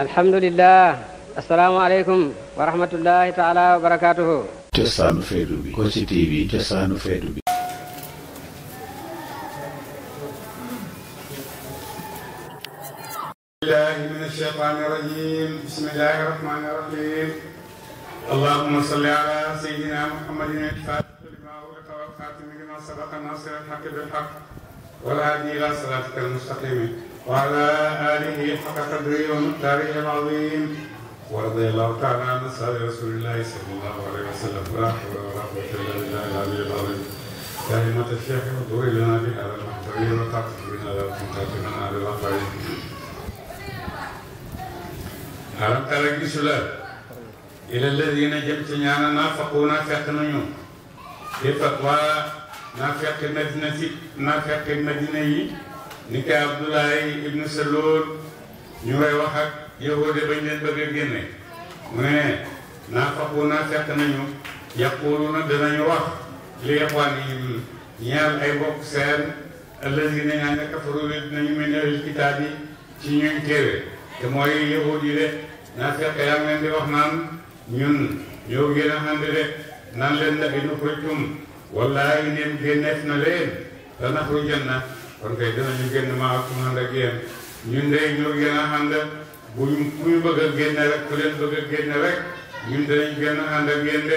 الحمد لله السلام عليكم ورحمة الله تعالى وبركاته جسان فيدوبي كوشي تي في جسان فيدوبي من الشيطان الرجيم بسم الله الرحمن الرحيم اللهم صل على سيدنا محمد الفاتح لما أغلق والخاتم لما سبق الناصر الحق بالحق والهادي إلى صراطك المستقيم وعلى آله حق قدره ومقداره العظيم ورضي الله تعالى عن أصحاب رسول الله صلى الله عليه وسلم ولا حول ولا قوة إلا بالله العلي العظيم كلمة الشيخ احضري لنا في هذا المحضر وتعطف بنا لا تنقطع من أهل الآخرين أرمت لك بسلاة إلى الذين جمتنا يعني نافقونا إيه فقنيون في فقوى نافق المدينة نافق المدينة ni ko Abdoulaye ibnu Salool ñu ngay wax ak yahude bañ leen bëgg a génne mu ne naa faqu naa fekk nañu yaqulu na danañu wax li yaxwaan yi ñeel ay bokk seen allazi ne ñaa nga kafaru li mel ne kitaab yi ci ñuy téere te mooy yahud yi de naa fekk yaa ngi di wax naan ñun ñoo gën a ànd de naan leen la inu xurujtum wallaahi neem génneef na leen danaxrujanna kon kay danañu génn maa ak man ak yéen ñun de ñoo gën a ànd bu ñu ku ñu bëgg a génne rek ku leen bëgg a génne rek ñun danañ gën a ànd ak yéen de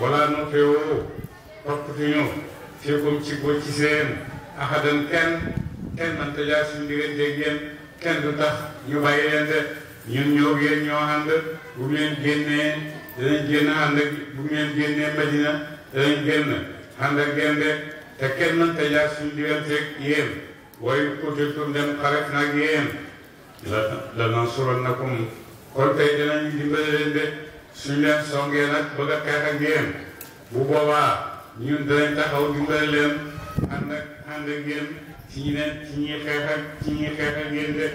wala nu teewoo toppatuñu de ñun ñoo gën ñoo ànd bu ñu leen génnee danañ génn ànd ak bu ñu leen génnee Madina danañ génn ànd ak yéen te kenn mënta jaar suñu digganteeg yéen waaye dem xaret naag yéen la lanansurannakum kon tey dinañ dimbale leen de suñu leen songee nag bëgg a bu baba, ñun dinañ taxaw dimbale leen ànd ak ànd ak yéen ci ñi leen ci de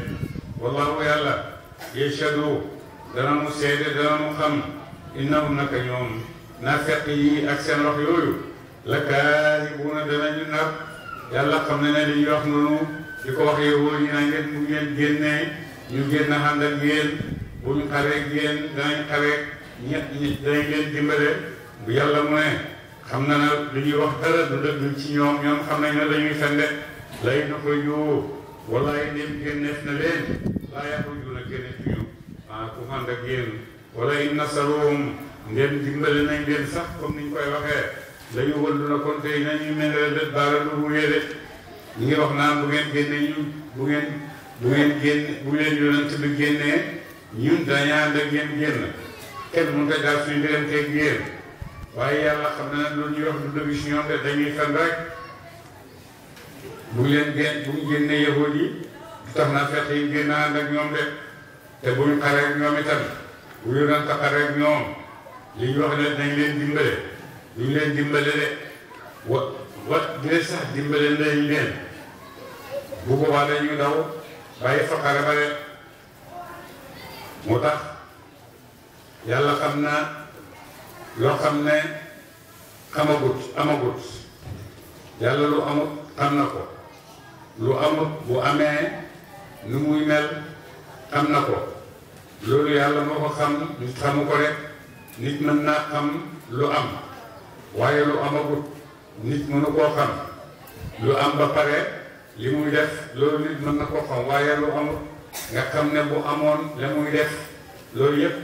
wallahu yàlla yashadu dana mu seede dana mu xam innahum naka ñoom naa la kaadibuuna danañu nar yàlla xam na ne li ñuy wax noonu di ko waxee wóor ñu naan ngeen mu ngeen génnee ñu génn ànd ak bu ñu xaree yéen danañ xaree ñett ñi leen dimbale bu yàlla mu xam na na lu ñuy wax dara du dëgg ci ñoom ñoom xam nañ ne dañuy fende lay na ko yuwu walaay ndéem génneef na leen laa yaxrujuuna génneef ñu ah ku ànd ak yéen wala in nasaruhum ndéem leen sax comme niñ koy waxee dañu wëllu na kon tey nañu mel ne dët baara lu mu weede ñu ngi wax naa bu ngeen génne ñu bu ngeen bu ngeen génnee ñun dañu ànd ak génn kenn mun ko daal suñu diggante géer waaye yàlla xam na ne loolu ñuy wax du dëgg si ñoom de dañuy fen rek bu leen génn bu ñu génne yahood yi tax na fekk yi génn ànd ak ñoom de te bu ñu xaree ak ñoom itam bu yonent xaree ak ñoom li ñu wax ne dañ leen dimbale du ñu leen dimbale de wa wa dina sax dimbale nañ leen bu boobaa dañuy daw bàyyi faqara ba de tax yàlla xam na loo xam ne xamagut amagut yàlla lu amut xam na ko lu amut bu amee nu muy mel xam na ko loolu yàlla moo ko xam nit xamu ko rek nit mën naa xam lu am waaye lu amagut nit mënu koo xam lu am ba pare li muy def loolu nit mën na koo xam waaye lu amut nga xam ne bu amoon la muy def loolu yëpp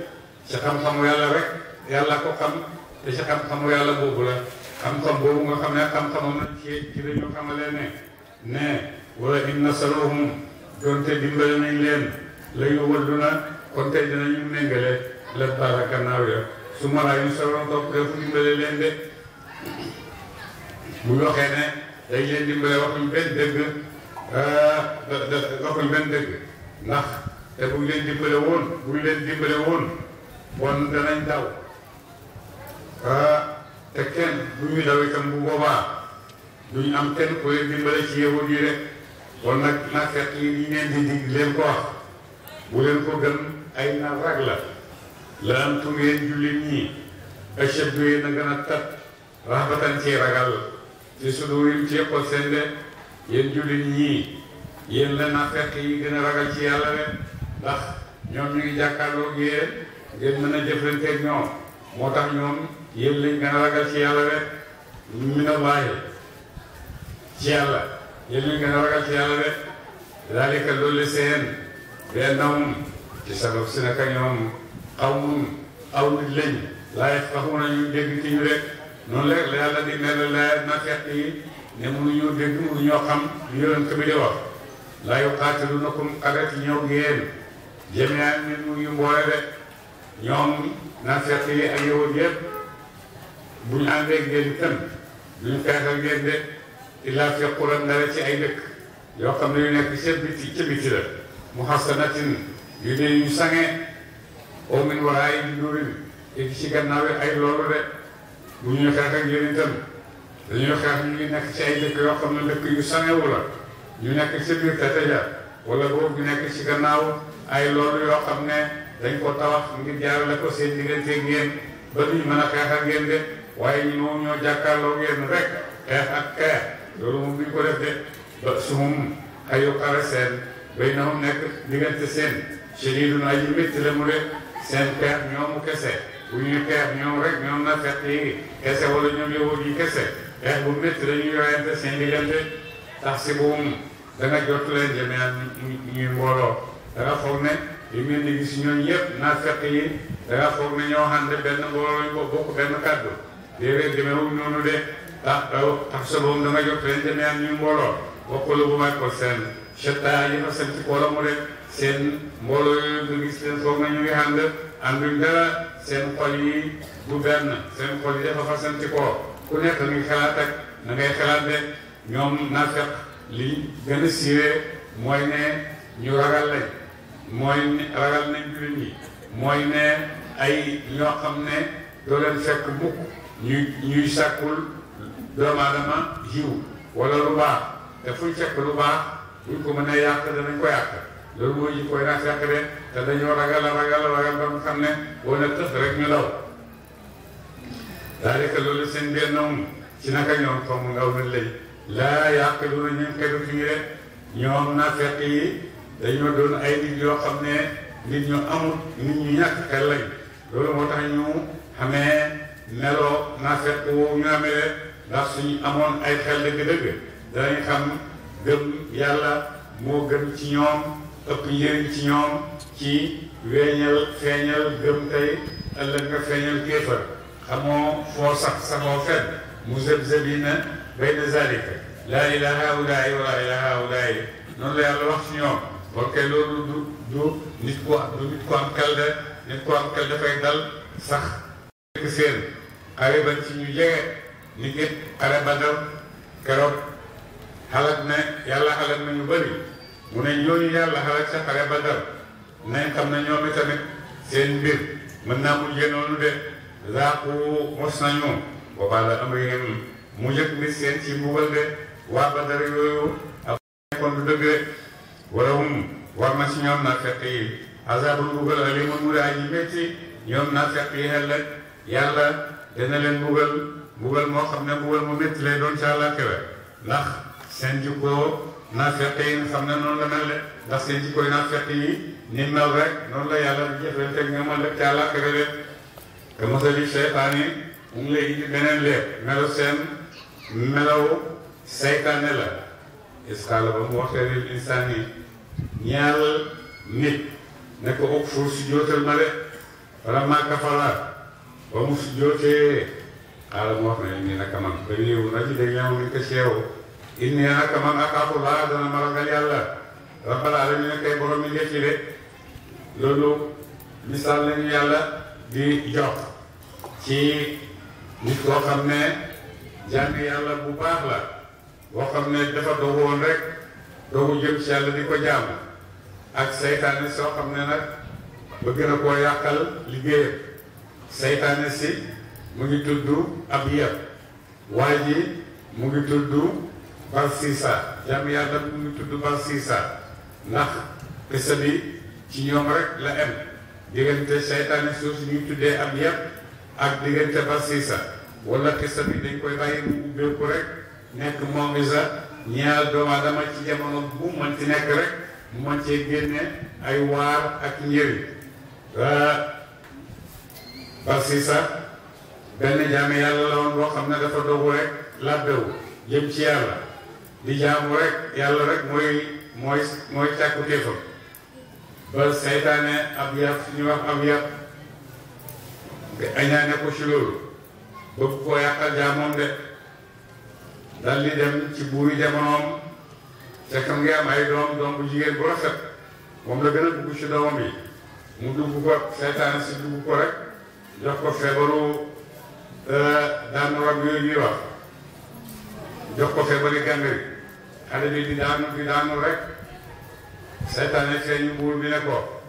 ci xam-xamu yàlla rek yàlla ko xam te ci xam-xamu yàlla boobu la xam-xam boobu nga xam ne xam-xamam na ci ci dañu xamalee ne ne wala in nasaruhum doonte dimbale nañ leen la yuwaldu na kon tey dinañu méngale la baara gannaaw ya su ma laay ñu soroon topp defu dimbale leen de bu waxee e, ne dañ leen dimbale waxuñ benn dëgg ndax te buñ leen dimbale woon buñ leen dimbale woon bon danañ daw te kenn bu ñu dawee itam bu boobaa duñ am kenn ko leen dimbale ci yewut yi rek bon nag nafeq yi ñu leen di dig leen ko wax bu leen ko gën ay na rag la la am tu ngeen julli ñii achadu yéen a gën a tat rahmatan ci ragal ci sudurim ci yëppal seen de yéen jullit ñii yéen la na fekk yi gën a ragal ci yàlla rek ndax ñoom ñu ngi jàkkaarloo gi yéen ngeen moo tax ñoom yéen lañ gën a ragal ci yàlla rek minallahi ci yàlla yéen lañ gën a ci sabab si naka ñoom xawmun aw nit lañ laa yafqahuuna ñu dégg ci ñu rek noonu léeg la yàlla di ne la laaj na fekk yi ne mënuñoo dégg mënuñoo xam ñu yonent bi di wax laa yuqaatilunakum adat ñëw yéen jamii'an min mu ngi mboole de ñoom na fekk yi ak yowoon yëpp bu ñu àndee ngeen itam duñu xeexal ngeen de illaa fi quran dara ci ay dëkk yoo xam ne yu nekk ca biti ca biti la muhassanatin yu ne ñu sange oo min waraay di nurin ci gannaaw ay loolu de bu ñuy xeex ak yéen ñu ngi nekk ci ay dëkk yoo xam ne dëkk yu sanewu la ñu nekk ci biir Tataja wala boobu ñu nekk ci gannaaw ay loolu yoo xam ne dañ ko tawax ngir jaarale ko seen diggante ak yéen ba duñ mën a xeex ak yéen de waaye ñu moom ñoo jàkkaarloo ngeen rek xeex ak xeex loolu moom duñ ko def de ba su moom xayu xare seen bay nekk diggante seen chérif duna aji métti la mu de seen xeex ñoomu kese. bu ñuy xeex ñoom rek ñoom na fekk yi kese wala ñoom yowut yi kese xeex bu métti dañuy yoyante seen diggante tax si boobu da jot leen jëmee ñuy mbooloo da nga foog ne li ngeen di gis ñooñu yëpp na fekk yi da bokk benn jot leen jëmee ñuy mbooloo bokkul bu may ko seen chetta yi fa seen ci kóolamu de seen mbooloo yooyu gis leen foog na ñu ngi ànd ànduñ dara. seen xol yi bu benn seen xol yi dafa fasantikoo ku nekk mi ngi xalaat ak na xalaat de ñoom naafeq li gën a siiwee mooy ne ñu ragal lañ mooy ragal nañ jullit ñi mooy ne ay ñoo xam ne doo leen fekk mukk ñuy ñuy sàkkul doomu aadama jiw wala lu baax te fuñ fekk lu baax buñ ko mën a yàq danañ ko yàq loolu mooy ñu koy naafeq de te dañoo ragal a ragal ragal ba nga xam ne boo ne tëf rek ñu daw daal que loolu seen benn moom ci naka ñoom xamu nga woon lay laa yàq loolu ñu ngi xeetu fii rek ñoom naafeq yi dañoo doon ay nit yoo xam ne nit ñu amul nit ñu ñàkk xel lañ loolu moo tax ñu xamee meloo naafeq woowu ñu amee rek ndax suñu amoon ay xel dëgg-dëgg danañ xam gëm yàlla moo gën ci ñoom. ëpp njëriñ ci ñoom ci weeñal feeñal gëm tey ëllëg nga feeñal xamoo foo sax fenn mu zëb-zëbina zalika laa ilaha wala ilaha noonu la yàlla wax ci ñoom kay du nit du nit am nit ku am dafay dal sax seen ci ñu nit na ñu mu ne ñooñu yàlla xalaat sa xare Badar nañ xam ne ñoom tamit seen mbir mën naa mujjee noonu de zaaqu mos nañu wa baala amrihim mu yëg mbir seen ci mbugal de waa Badar yooyu ak kon du dëgg de wala war na ci ñoom naa fekk yi azabu mbugal alimun mu daa ji métti ñoom naa fekk yi xel yàlla dana leen mbugal mbugal moo xam ne mbugal mu métti lay doon ca àllaaxira ndax seen jikkoo naa fekk yi xam ne noonu la mel de ndax seen jikkoy naa fekk yi ni mel rek noonu la yàlla di jëflante ak ñoom ëllëg ca àllaaxira de te mosali seytaan yi mu ngi lay indi beneen léeb melo seen melaw seytaane la iskaala ba mu waxtee lil insaan yi ñaal nit ne ko ëpp fuur si ma de wala maa kafara ba mu si jootee mu wax ne nii nag man ba ñëw na ci ñaaw ni ko seewoo inni naka man axaafullaaha dana ma ragal yàlla rabbal aalamiina kay borom mi njëkk de loolu misaal lañu yàlla di jox ci nit koo xam ne jàng yàlla bu baax la boo xam dafa dogu woon rek dogu jëm ci di ko jaam ak seytaane soo xam ne nag bëgg na koo yàqal liggéeyam seytaane si mu ngi tudd ab mu ngi Balsisa jàmm yàlla mu ngi tudd Balsisa ndax xisa bi ci ñoom rek la em diggante seytaane suuf si ñuy tuddee am yëpp ak diggante Balsisa wala xisa bi dañ koy bàyyi mu ubbeeku rek nekk moom isa ñaar doomu aadama ci jamono bu mën ci nekk rek mu mën cee génne ay waar ak njëriñ Balsisa benn jàmm yàlla la woon boo xam ne dafa dogu rek labbewu jëm ci yàlla di jaamu rek yàlla rek mooy mooy mooy càkku téefam ba saytaane ab yàpp ñu wax ab yàpp nga añaane ko ci loolu bëgg koo yàqal jaamoom de dal di dem ci buuri jamonoom fekkam ngi am ay doom doom bu jigéen bu rafet moom la gën a dugg ci doomam bi mu dugg ko saytaane si dugg ko rek jox ko feebaru euh, daan rab yooyu ñuy wax jox ko feebari gànde bi xale bi di daanu di daanu rek saytaane seen buur bi ne ko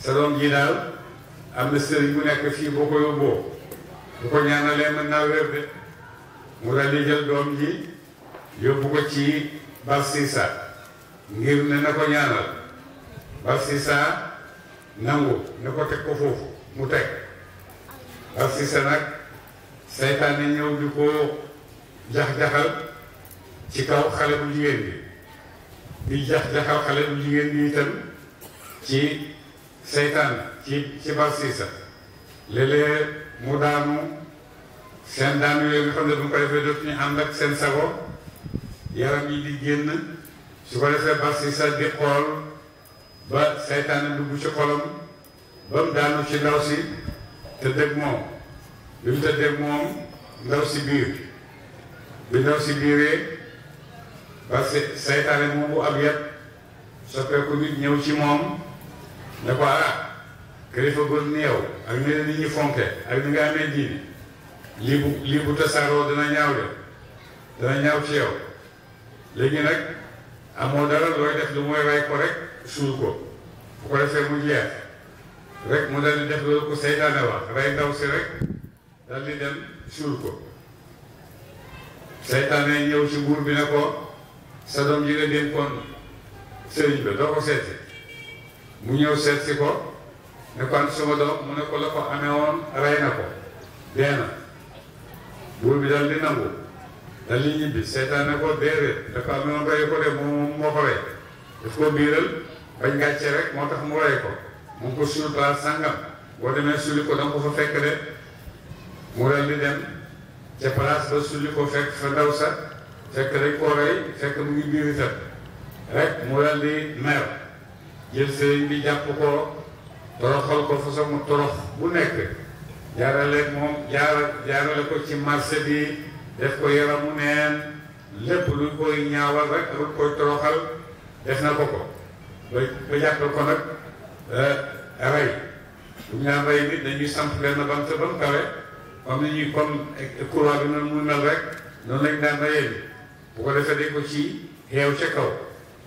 sa doom ji daal am na sëriñ bu nekk fii boo ko yóbboo bu ko ñaanalee mën wér de mu daal jël doom ji yóbbu ko ci Barsisa ngir ne na ko ñaanal Barsisa nangu ne ko teg ko foofu mu teg Barsisa nag saytaane ñëw di ko jax-jaxal ci kaw xale bu jigéen bi di jax-jaxal xale bu jigéen bi itam ci seytaan ci ci barsiisa léeg-léeg mu daanu seen daanu yooyu nga xam ne bu ñu ko defee dootuñu ànd seen sago yaram yi di génn su ko defee barsiisa di xool ba seytaane dugg ci xolam ba mu daanu ci ndaw si te dëgg moom lu mu te moom ndaw si biir bi ñoo si biiree ba se saytaane moom bu am yet soppeeku nit ñëw ci moom ne ko ah kilifa gën ni yow ak ne nit fonke ak ni nga amee diine lii bu lii bu tasaaroo dana ñaaw de dana ñaaw ci yow léegi nag amoo dara looy def lu mooy rey ko rek suul ko bu ko defee mu jeex rek mu dal di def loolu ko saytaane wax rey ndaw si rek dal dem suul ko seytaane ñëw ci buur bi ne ko sa doom ji nga kon sëriñ bi doo ko seet mu ñëw seet si ko ne kon sama doom mu ne ko la ko amee woon rey na ko dee na buur bi dal di nangu dal di ñibbi seytaane ne ko déedéet dafa amee woon rey ko de moom moo ko rey daf ko biiral bañ gàcce rek moo tax mu rey ko mu ngi ko suul place sangam boo demee suli ko da nga ko fa fekk de mu dal li dem ca place ba sulli ko fekk fa ndaw sa fekk dañ koo rey fekk mu ngi biir itam rek mu daal di mer jël sëriñ bi jàpp ko toroxal ko fa sama torox bu nekk jaarale moom jaarale ko ci marché bi def ko yaramu neen lépp lu koy ñaawal rek lu koy toroxal def na ko ko ba ba jàppal ko nag eh, rey bu ñu rey nit dañuy samp benn bant ba kawe am na mu ko defee dañ ko ci xeew ca kaw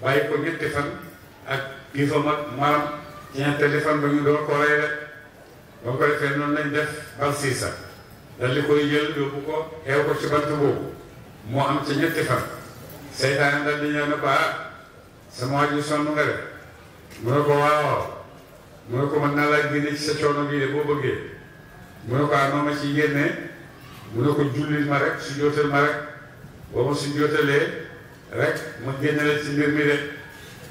bàyyi ko ñetti fan ak am ca ñetti fan seytaane dal di ñëw ah, sama waaj yu nga de mu ne ko waaw mu ne ko mën naa laa génne ci sa coono bii de boo bëggee mu ne ko ah ma ci yéene mu ne ko jullil ma rek su jootal ma rek boo ma su rek ma génne la ci mbir mi de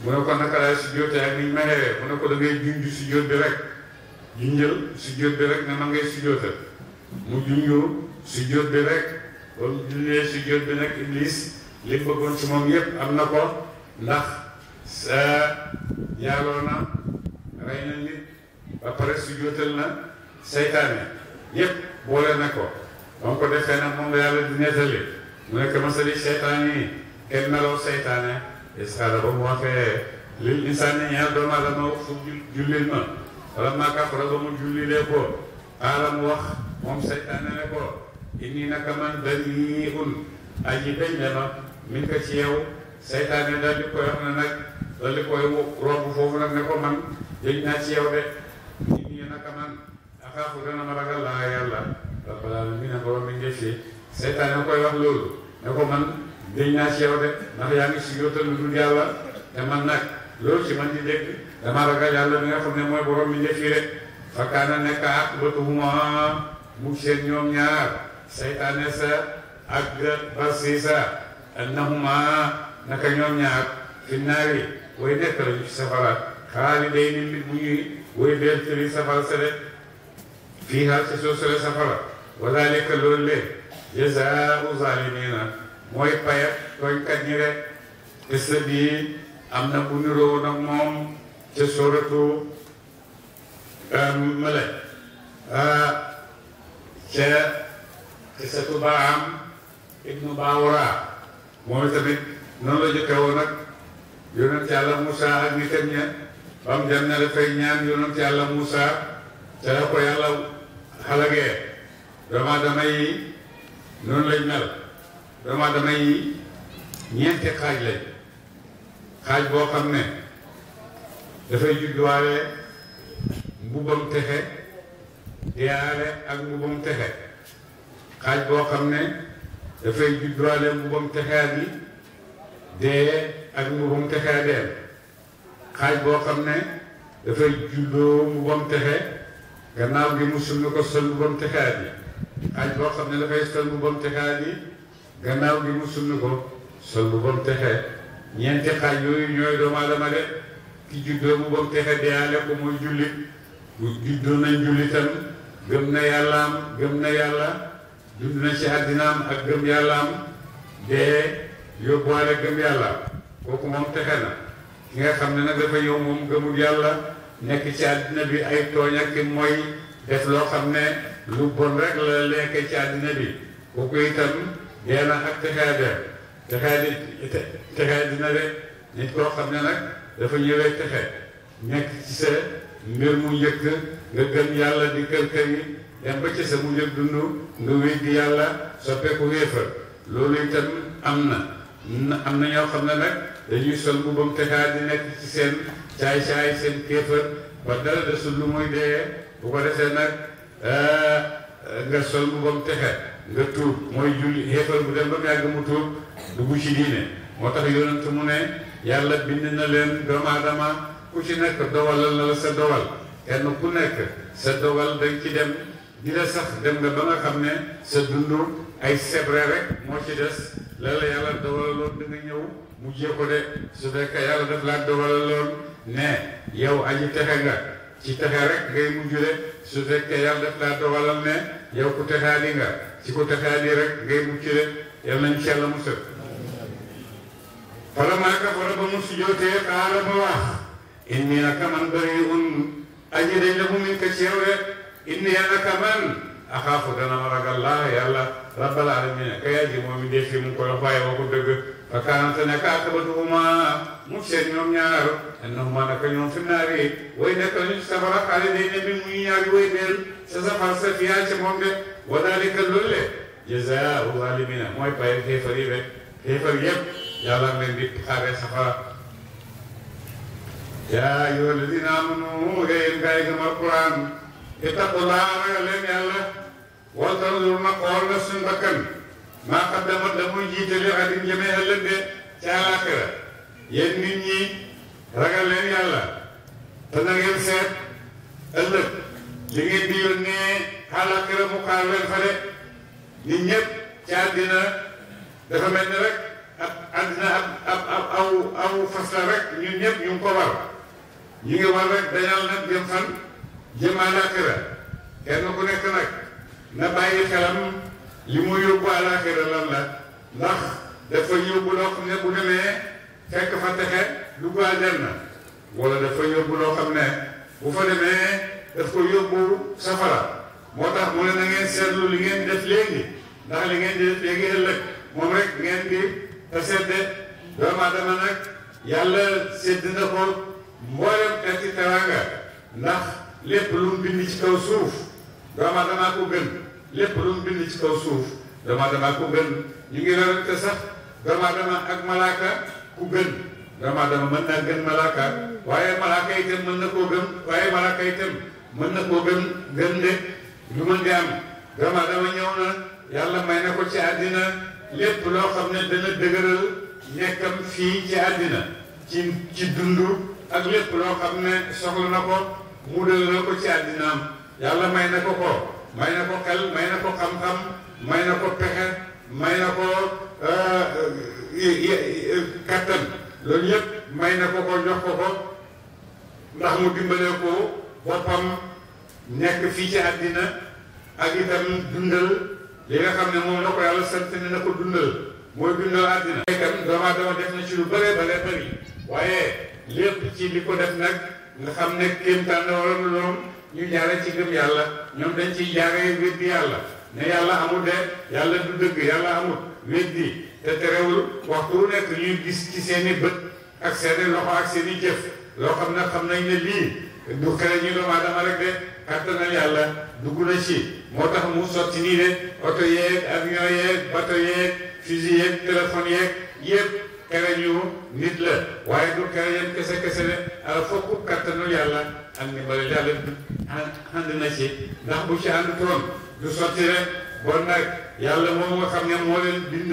mu ne ko naka laay su jootee ak niñ merewee mu ne ko da ngay junj su bi rek junjal su bi rek ne ma ngay su mu junju su bi rek ba mu jullee su bi nag iblis li bëggoon ci moom yépp am na ko ndax sa yaaloo rey na nit ba pare na seytaane yëpp boole na ko ba mu ko defee nag moom la yàlla di nettali mu nekk masali seytaan yi kenn nelaw seytaane isxaala ba mu waxee lil insaani ñaar doomu aadama fu jullil ma wala maa kafara ba mu jullilee ko aala mu wax moom seytaane ne ko inni naka man banii un aji dañ ne ma min ko ci yow seytaane daal di koy wax ne nag daal di koy romb foofu nag ne ko man dañ naa ci yow de inni naka man ataaku dana ma ragal laa yàlla rabbal aalamiina borom bi njëkk si seytaan koy wax loolu ne ko man déñ naa ci de ndax yaa ngi si yóotal lu dul yàlla te man nag loolu ci man di dégg dama ragal yàlla mi nga xam ne mooy borom bi njëkk rek fakkaana nekk aqibatuhuma mu seen ñoom ñaar seytaane sa ak barsi sa annahuma naka ñoom ñaar fi naari way nekk lañu ci safara xaali ni mbir ñuy way beel tëri sa de fiihaa ci suuf sale safara wa dalika loolu le jazaau zalimina mooy payat tooñkat ñi rek qissa bii am na bu niroo nag moom ca suratu Malak ca qissatu Balaam ibnu Baawraa moom tamit noonu la jëkkee woon nag yonent yàlla Moussa ak nitam ña bam dem na dafay ñaan yonent yàlla Moussa ca la ko yàlla xalagee doomu damay yi noonu lañ mel doomu damay yi ñeenti xaaj lañ xaaj boo xam ne dafay judduwaale mbubbam texe deyaale ak mbubbam texe xaaj boo xam ne dafay judduwaale mbubbam texea bi dee ak mbubbam texea deen xaaj boo xam ne dafay juddoo mbubbam texe gannaaw gi mu summi ko sëlmu ba mu tixaat yi aj boo xam ne dafay sëlmu ba mu tixaat yi gannaaw gi mu summi ko sëlmu ba mu texee ñeenti xaaj yooyu ñooy doomu aadama de ki juddoo mu ba mu texe deyaale ko mooy jullit bu juddoo nañ jullitam gëm na yàllaam gëm na yàlla dund na ci àddinaam ak gëm yàllaam dee yóbbuwaale gëm yàlla kooku moom texe na ki nga xam ne nag dafa yow moom gëmul yàlla nekk ci àddina bi ay tooñ ak mooy def loo xam ne lu bon rek la lekk ci àddina bi kooku itam dee na ak texaade texaade texaade dina de nit koo xam ne nag dafa ñëwee texe nekk ci sa mbir mu njëkk nga gëm yàlla di kër kër yi dem ba ci sa mu njëkk dund nga wéy di yàlla soppeeku wéefa loolu itam am na am na ñoo xam ne nag dañuy sol bu bam texaade di nekk ci seen saay-saay seen kéefër ba dara desul lu muy dee bu ko defee nag eh, nga sol mu bam texe nga tuub mooy julli xéefër bu dem ba mu yàgg mu tuub dugg ci diine moo tax yonent mu ne yàlla bind na leen doomu aadama ku ci nekk dowalal na la sa dowal kenn ku nekk sa dowal dañ ci dem di la sax dem nga ba nga xam ne sa dundu ay sebre rek moo ci des la la yàlla dowalaloon da ñëw mujjee ko de su fekkee yàlla daf laa dowalaloon ne yow aji texe nga ci texe rek ngay mujjule su fekkee yàlla def laa dogalal ne yow ku texaali nga ci ku texaali rek ngay muccule yal yàlla musal falamaa kafara ba mu sujootee xaala ka ci yow de inni naka man axaafu laa yàlla rabbal aalamiina kay aji moom it dee fi mu ko la waaye wa ko dëgg fa kaanat nekk aqibatuhuma mu seet ñoom ñaar annahuma naka ñoom fi naari way nekk lañu safara xaalidiina bi muy ñaari way deel sa safar sa fiyaa ci moom de wa dalika loolu le mooy pay xeefar yi de xeefar yëpp yàlla leen di xaaree safara yaa ayyuha alladiina aamanu yéen gaay gëm alquran ittaqullaaha ragal leen yàlla wal tanzur na xool na suñu bakkan maa xam dama la muy jiitale adim jëmee ëllëg de ca àllaaxira yéen nit ñi ragal leen yàlla te na ngeen seet ëllëg li ngeen di yónnee àllaaxira mu xaar leen fa de nit ñëpp ci àddina dafa mel ni rek ab àddina ab ab ab aw aw fas la rek ñun ñëpp ñu ngi ko war ñu ngi war rek dañal nag jëm fan jëm àllaaxira kenn ku nekk nag na bàyyi xelam li mu yóbbu àllaaxira la ndax dafa yóbbu loo xam ne bu demee fekk fa texe dugg aljanna wala dafa yóbbu loo xam ne bu fa demee daf ko yóbbu safara moo tax mu ne na ngeen seetlu li ngeen def léegi ndax li ngeen di def léegi ëllëg moom rek ngeen di te sedde nag yàlla sedd na ko mboolem xeeti teraanga ndax lépp lu mu bind ci kaw suuf doomu ko gën lépp lu mu bind ci kaw suuf dama dama ku gën ñu ngi werante sax dama dama ak malaaka ku gën dama dama mën naa gën malaaka waaye malaaka itam mën na koo gën waaye mën na koo gën gën de lu mën di am dama dama ñëw na yàlla may na ko ci àddina lépp loo xam ne dana dëgëral nekkam fii ci àddina ci ci dund ak lépp loo xam ne soxla na ko mu dëgëral ko ci àddinaam yàlla may na ko ko may na ko xel may na ko xam-xam may na ko pexe may na ko euh, euh, kattan loolu yëpp may na ko ko jox ko ko ndax mu dimbalee boppam nekk fii ci àddina ak itam dundal li nga xam ne moom la ko yàlla sant ne na ko dundal mooy dundal àddina itam doomu aadama def na ci lu bëree bëree bëri waaye lépp ci li ko def nag nga xam ne kéemtaan la waroon loolu ñu jaare ci gëm yàlla ñoom dañ ciy jaare weddi yàlla ne yàlla amul de yàlla du dëgg yàlla amul weddi te terewul waxtu wu nekk ñuy gis ci seeni bët ak seeni loxo ak seeni jëf loo xam ne xam nañ ne lii du xele ñu doomu aadama rek de kattanal yàlla dugg na ci moo tax mu sotti nii de oto yeeg avion yeeg bateau yeeg fusil yeeg téléphone yeeg yëpp xele ñu nit la waaye du xele yéen kese kese de ala fokk kattanal yàlla am a bari daal ànd na ci ndax bu ci ànd toon du sotti rek bon nag yàlla moom nga xam ne moo leen bind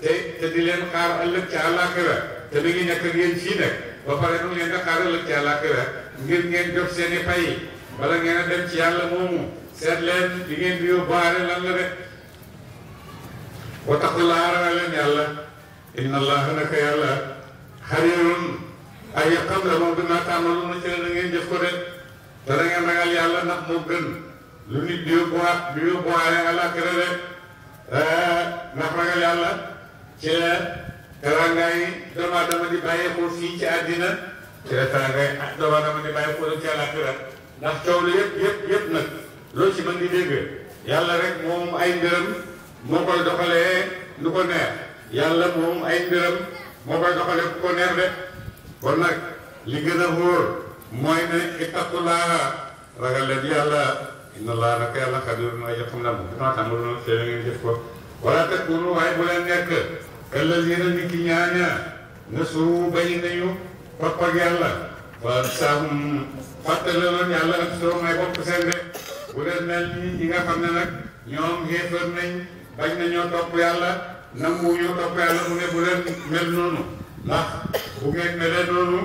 te te di leen xaar ëllëg ci àllaaxira te mi ngi nekk ak yéen fii pare mu leen di ëllëg ci àllaaxira ngir ngeen jot seen i pay bala ngeen a dem ci yàlla moomu seet leen li ngeen di yóbbaale lan la rek wa taxu laa ragal leen yàlla inna allaha naka yàlla xarirun ay yaqam la moom dinaa lu na ci la ngeen jëf ko de te da ngeen ragal yàlla ndax moo gën lu nit di yóbbu ya waat di yóbbu waale àllaaxira de ndax ragal yàlla ci la teraangaay doomu aadama di bàyyeekoo fii ci àddina ci la teraangaay doomu aadama di bàyyeekoo ci àllaaxira ndax coow li yëpp yëpp yëpp nag loo ci mën di dégg yàlla rek moom ay mbiram moo koy doxalee lu ko neex yàlla moom ay mbiram moo koy ko neex kon nag li gën a wóor mooy ne ittaqullaaha ragal leen yàlla inna allah naka yàlla xabiir mooy jox xam naa moom ko wala takunu waaye ne nag ñoom xéefar nañ bañ nañoo topp yàlla nanguwuñoo topp yàlla mu ne bu leen mel noonu ndax bu ngeen melee noonu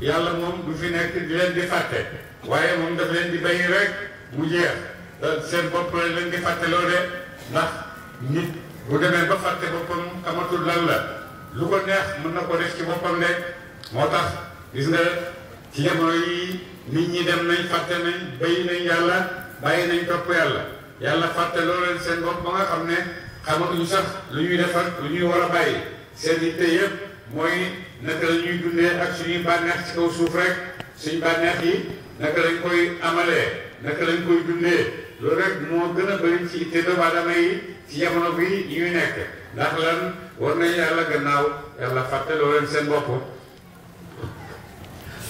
yàlla moom du fi nekk di leen di fàtte waaye moom daf leen di bayi rek mu jeex seen bopp leen di fàtte loo de ndax nit bu demee ba fàtte boppam xamatul lan la lu ko neex mën na ko def ci boppam de moo tax gis nga ci ñi dem nañ fàtte nañ bayi nañ yàlla bàyyi nañ topp yàlla yàlla fàtte loo leen seen bopp ba nga xam ne xamatuñ sax lu ñuy defar lu ñuy war a bàyyi seen yitte yëpp mooy naka la ñuy dundee ak suñuy bànneex ci kaw suuf rek suñ bànneex yi naka lañ koy amalee naka lañ koy dundee loolu rek moo gën a bëri ci itte doomu yi ci jamono bi ñuy nekk ndax lan war nañ yàlla gannaaw yàlla fàttaloo seen bopp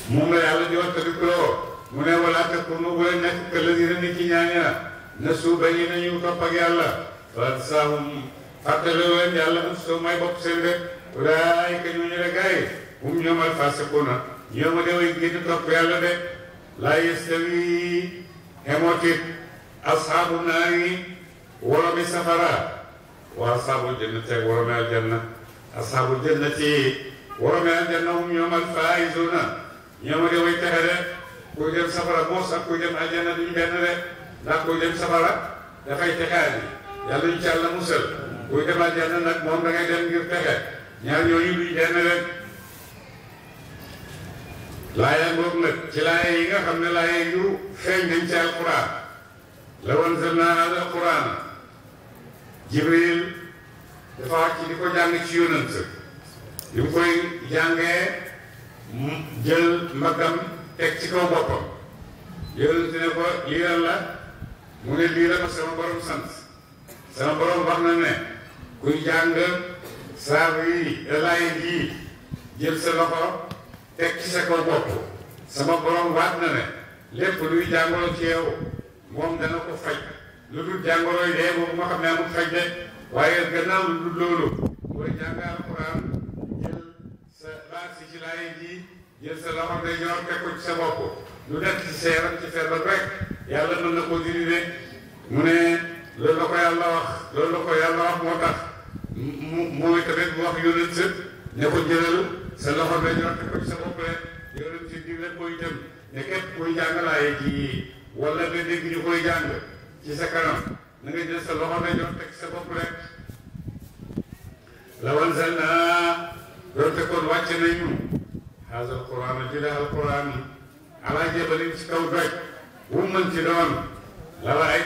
moom la yàlla di wattalikuloo mu ne wala takunu bu leen nekk que lazina ni ci ñaaña na su bañi nañu topp ak yàlla fa saahum fàttaloo leen yàlla soo may bopp seen rek ulaayika ñooñu la gars yi hum ñoom alfaasiquuna ñoom de way génn topp yàlla de laa yastawi hemotit asxaabu naari woromi safara wa asxaabul jannati ak woromi aljanna asxaabul jannati woromi aljanna hum ñoom alfaa'izuuna ñoom way texe de kuy dem safara moos ak kuy dem aljanna duñ benn de ndax kuy dem safara dafay texaani yàlla ñu ci yàlla musal kuy dem aljanna nag moom da dem ngir texe ñaar ñooñu duñ benn rek laaya ngoog nag ci laaya yi nga xam ne laaya yu feeñ nañ ci alquran law anzalna hada alquran jibril dafa wàcc di ko jàng ci yonant li mu koy jàngee jël mbaggam teg ci kaw boppam yonant ne ko liiral la mu ne lii la sama borom sant sama borom wax na ne kuy jàng saaba yi laayit yi jël sa loxo teg ci sa kaw bopp sama borom waat na ne lépp luy jàngoro ci yow moom dana ko faj lu dul jàngoro yi dee boobu xam ne amul faj de waaye gannaaw lu dul loolu booy jàng alxuraan jël sa baat si ci laayit jël sa loxo day ñor teg ko ci sa bopp lu def ci sa yaram ci feebar rek yàlla mën na ko diri de mu ne loolu la ko yàlla wax loolu la ko yàlla wax moo tax mu mooy tamit wax yonent sët ne ko jëlal sa loxo be ñor ko ci sa bopp be yonent si digle koy jëm ne képp koy jàngalaaye ci yii wala nga dégg ñu koy jàng ci sa kanam na nga jël loxo be ñor teg sa bopp rek lawal sal na doonte kon wàcce nañu haasal quraan jële al quraan yi alaa jabalin ci kaw doj wu mën ci doon la la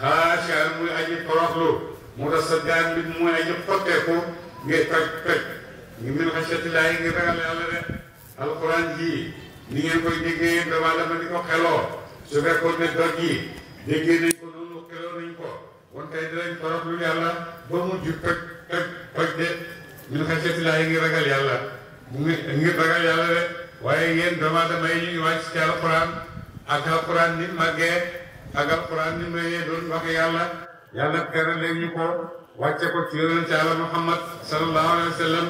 xaasaan muy aji toroxlu mutasaddaan bi muy aji xotteeku ngir toj toj ngi min xasiyatillaahi ngir ragal yàlla de alquran jii ni ngeen koy déggee dama dama di ko xeloo dinañ toroxlu yàlla ba mujj toj toj toj de min xasiyatillaahi ngir ragal yàlla ngir ragal yàlla de waaye yéen dama dama yi ñuy wàcc ci alquran ak alquran ni ak alquran ni mu la doon wax yàlla yàlla teral leen ñu ko wàcce ko ci yonent yàlla muhammad sallallahu alayhi wa sallam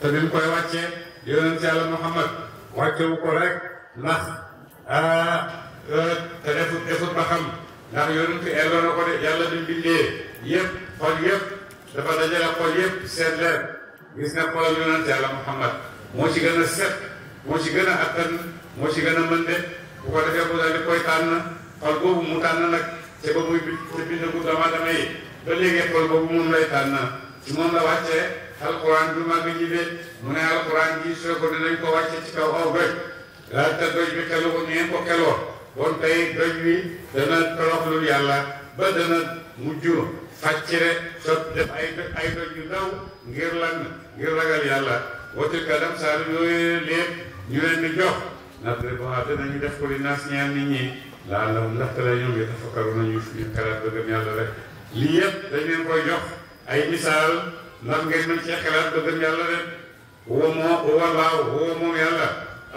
te bi mu koy wàcce yonent yàlla muhammad wàcce wu ko rek ndax ah, te defut defut ba xam ndax yonent elloo na ko de yàlla di bindee yëpp xol yëpp dafa dajale xol yëpp seen leer gis na xolal yonent yàlla muhammad moo ci gën set moo ci gën a moo ci gën a mën ko defee mu daal di koy tànn xol boobu mu tànn nag te ba muy te bindagu dama dama yi ba léegi xol boobu moom lay tànn ci moom la wàccee alquran bi mag ñi mu ne alquran bi soo ko dinañ ko wàccee ci kaw aw doj laal doj bi kelu ko ko keloo bon tey doj wi dana toroxlul yàlla ba dana mujj fàccire sot def ay doj yu ndaw ngir lan ngir ragal yàlla watil kadam saalu yooyu lépp ñu leen di jox nat de boo xam danañu def ko li naas ñaan nit ñi laa la ndaxte la ñoom yatafakkaru nañu fi xalaat ba gëm yàlla rek lii yëpp dañ leen koy jox ay misaal ndax ngeen mën cee xalaat ba gëm rek huwa moo wallaahu huwa moom yàlla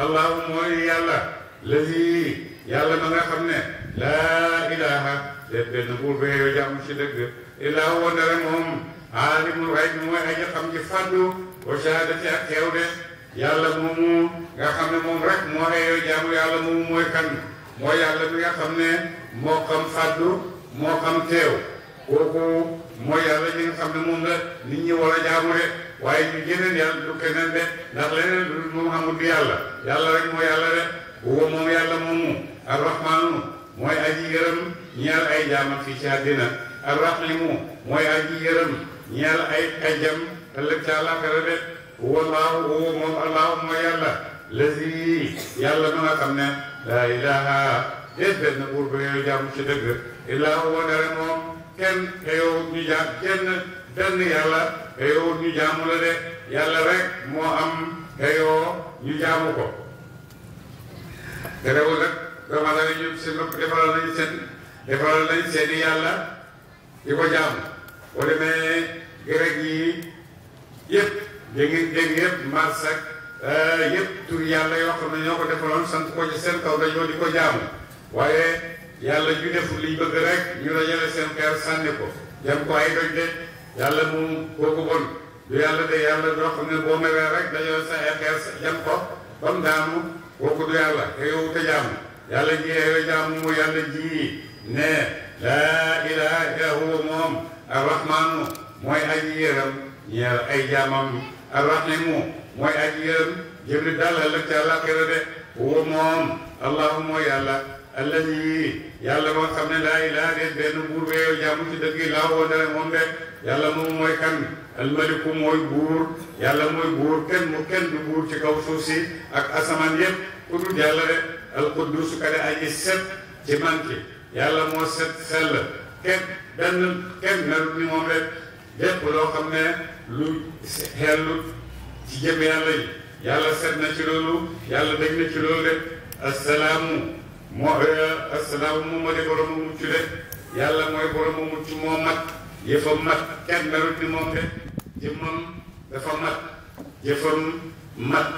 allahu mooy yàlla lazi yàlla ma nga xam ne laa ilaha déet benn buur ba yow jàmm dëgg illaa huwa ndere moom aalimul xayb mooy aji xam ci fàddu wa shahadati ak de yàlla moomu nga xam ne moom rek moo xeeyoo jaamu yàlla moomu mooy kan mooy yàlla mi nga xam ne moo xam fàddu moo xam teew kooku mooy yàlla ñi nga xam ne moom la nit ñi war a jaamu de waaye ñu yeneen yàlla du keneen de ndax leneen du moom amul du yàlla yàlla rek mooy yàlla de boobu moom yàlla moomu arrahmaanu mooy aji yërëm ñeel ay jaamam fii ci àddina arrahimu mooy aji yërëm ñeel ay ay jam ëllëg ca àllaaxira de wallaahu boobu moom allaahu mooy yàlla lazi yàlla na nga xam ne laa ilaha déet benn buur ba yow jaamu ci dëgg illaa huwa dara moom kenn xëyowut ñu jaam kenn benn yàlla xëyowut ñu jaamu la de yàlla rek moo am xëyoo ñu jaamu ko terewul nag ramadan yi ñu seen bopp defaral nañ seen defaral seeni yàlla di ko jaamu boo demee grec yi yëpp dégg dégg yëpp mars Eh, yëpp tur yàlla yoo xam ne ñoo ko defaloon sant ko ci seen kaw di ko jaamu waaye yàlla ñu deful liñ bëgg rek seen xeer ko jam ko ay doj de yàlla moom kooku bon du yàlla de yàlla doo xam ne boo mewee rek dajale sa ay xeer jam ko ba mu daanu kooku du yàlla te yow te jaamu yàlla ji yeewe jaamu mu yàlla ji ne laa ilaha illa huwa moom arrahmaanu mooy aji yëram ñeel ay jaamam alwax ne mu mooy ak yërëm jëm ni dalal la ca àllaaxira de wa moom yàlla allazi yàlla ba xam ne laa ilaaha de benn buur weew jaamu ci dëgg laa woo dara moom de yàlla moom mooy kan almaliku mooy buur yàlla mooy buur kenn mu kenn du buur ci kaw si ak asamaan yépp ku dul yàlla de alquddus ka de aji set ci man yàlla moo set sell kenn benn kenn melut ni moom rek lépp loo xam ne lu xellu ci jëm yàlla yi yàlla set na ci loolu yàlla dégg na ci loolu rek asalaamu moo euh, asalaamu moom moo di borom mucc rek yàlla mooy borom mu mucc moo mat yëfam mat kenn melut ni moom rek jëmmam dafa mat jëfam mat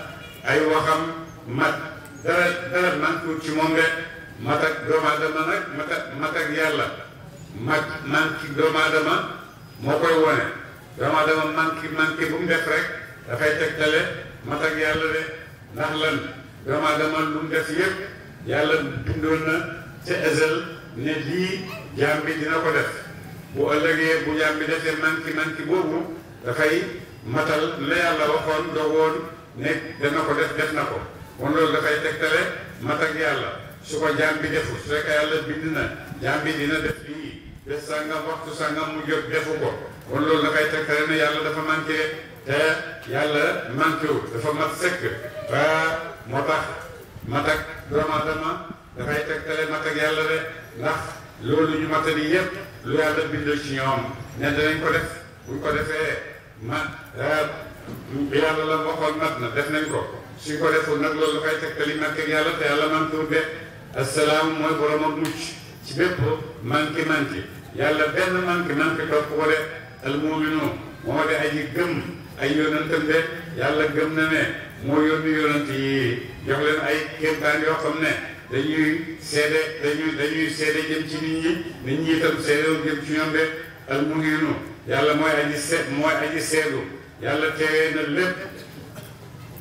ak doomu nag mat ak mat ak yàlla mat manque doomu aadama moo koy wone dama dama manqué manqué bu mu def rek dafay tegtale mat ak yàlla de ndax lan dama dama lu mu def yëpp yàlla bindoon na ca ezel ne lii jaam bi dina ko def bu ëllëgee bu jaam bi defee manqué manqué boobu dafay matal la yàlla waxoon dogoon ne dana ko def def na ko kon loolu dafay tegtale mat ak yàlla su ko jaam bi defu su fekkee yàlla bind na jaam bi dina def lii bés sangam waxtu sangam mu jot defu ko kon loolu dafay tegtale ne yàlla dafa manqué te yàlla manqué dafa mat sëkk moo tax mat ak ramadama dafay tegtale mat ak yàlla de ndax loolu ñu matali yépp lu yàlla bindoo ci ñoom ne danañ ko def buñ ko defee man ah, yàlla la waxoon mat na def nañ ko suñ ko deful nag loolu dafay tegtali mat ak yàlla te yàlla manqué de asalaam mooy borom mucc ci bépp manqué manqué. yàlla benn manque nan ko topp ko de almuuminu moo de aji gëm ay yonentam de yàlla gëm na ne moo yónni yonent yi jox leen ay kéemtaan yoo xam ne dañuy seede dañuy dañuy seede jëm ci nit ñi nit ñi itam seede jëm ci ñoom de almuuminu yàlla mooy aji seet mooy aji seedu yàlla teewee na lépp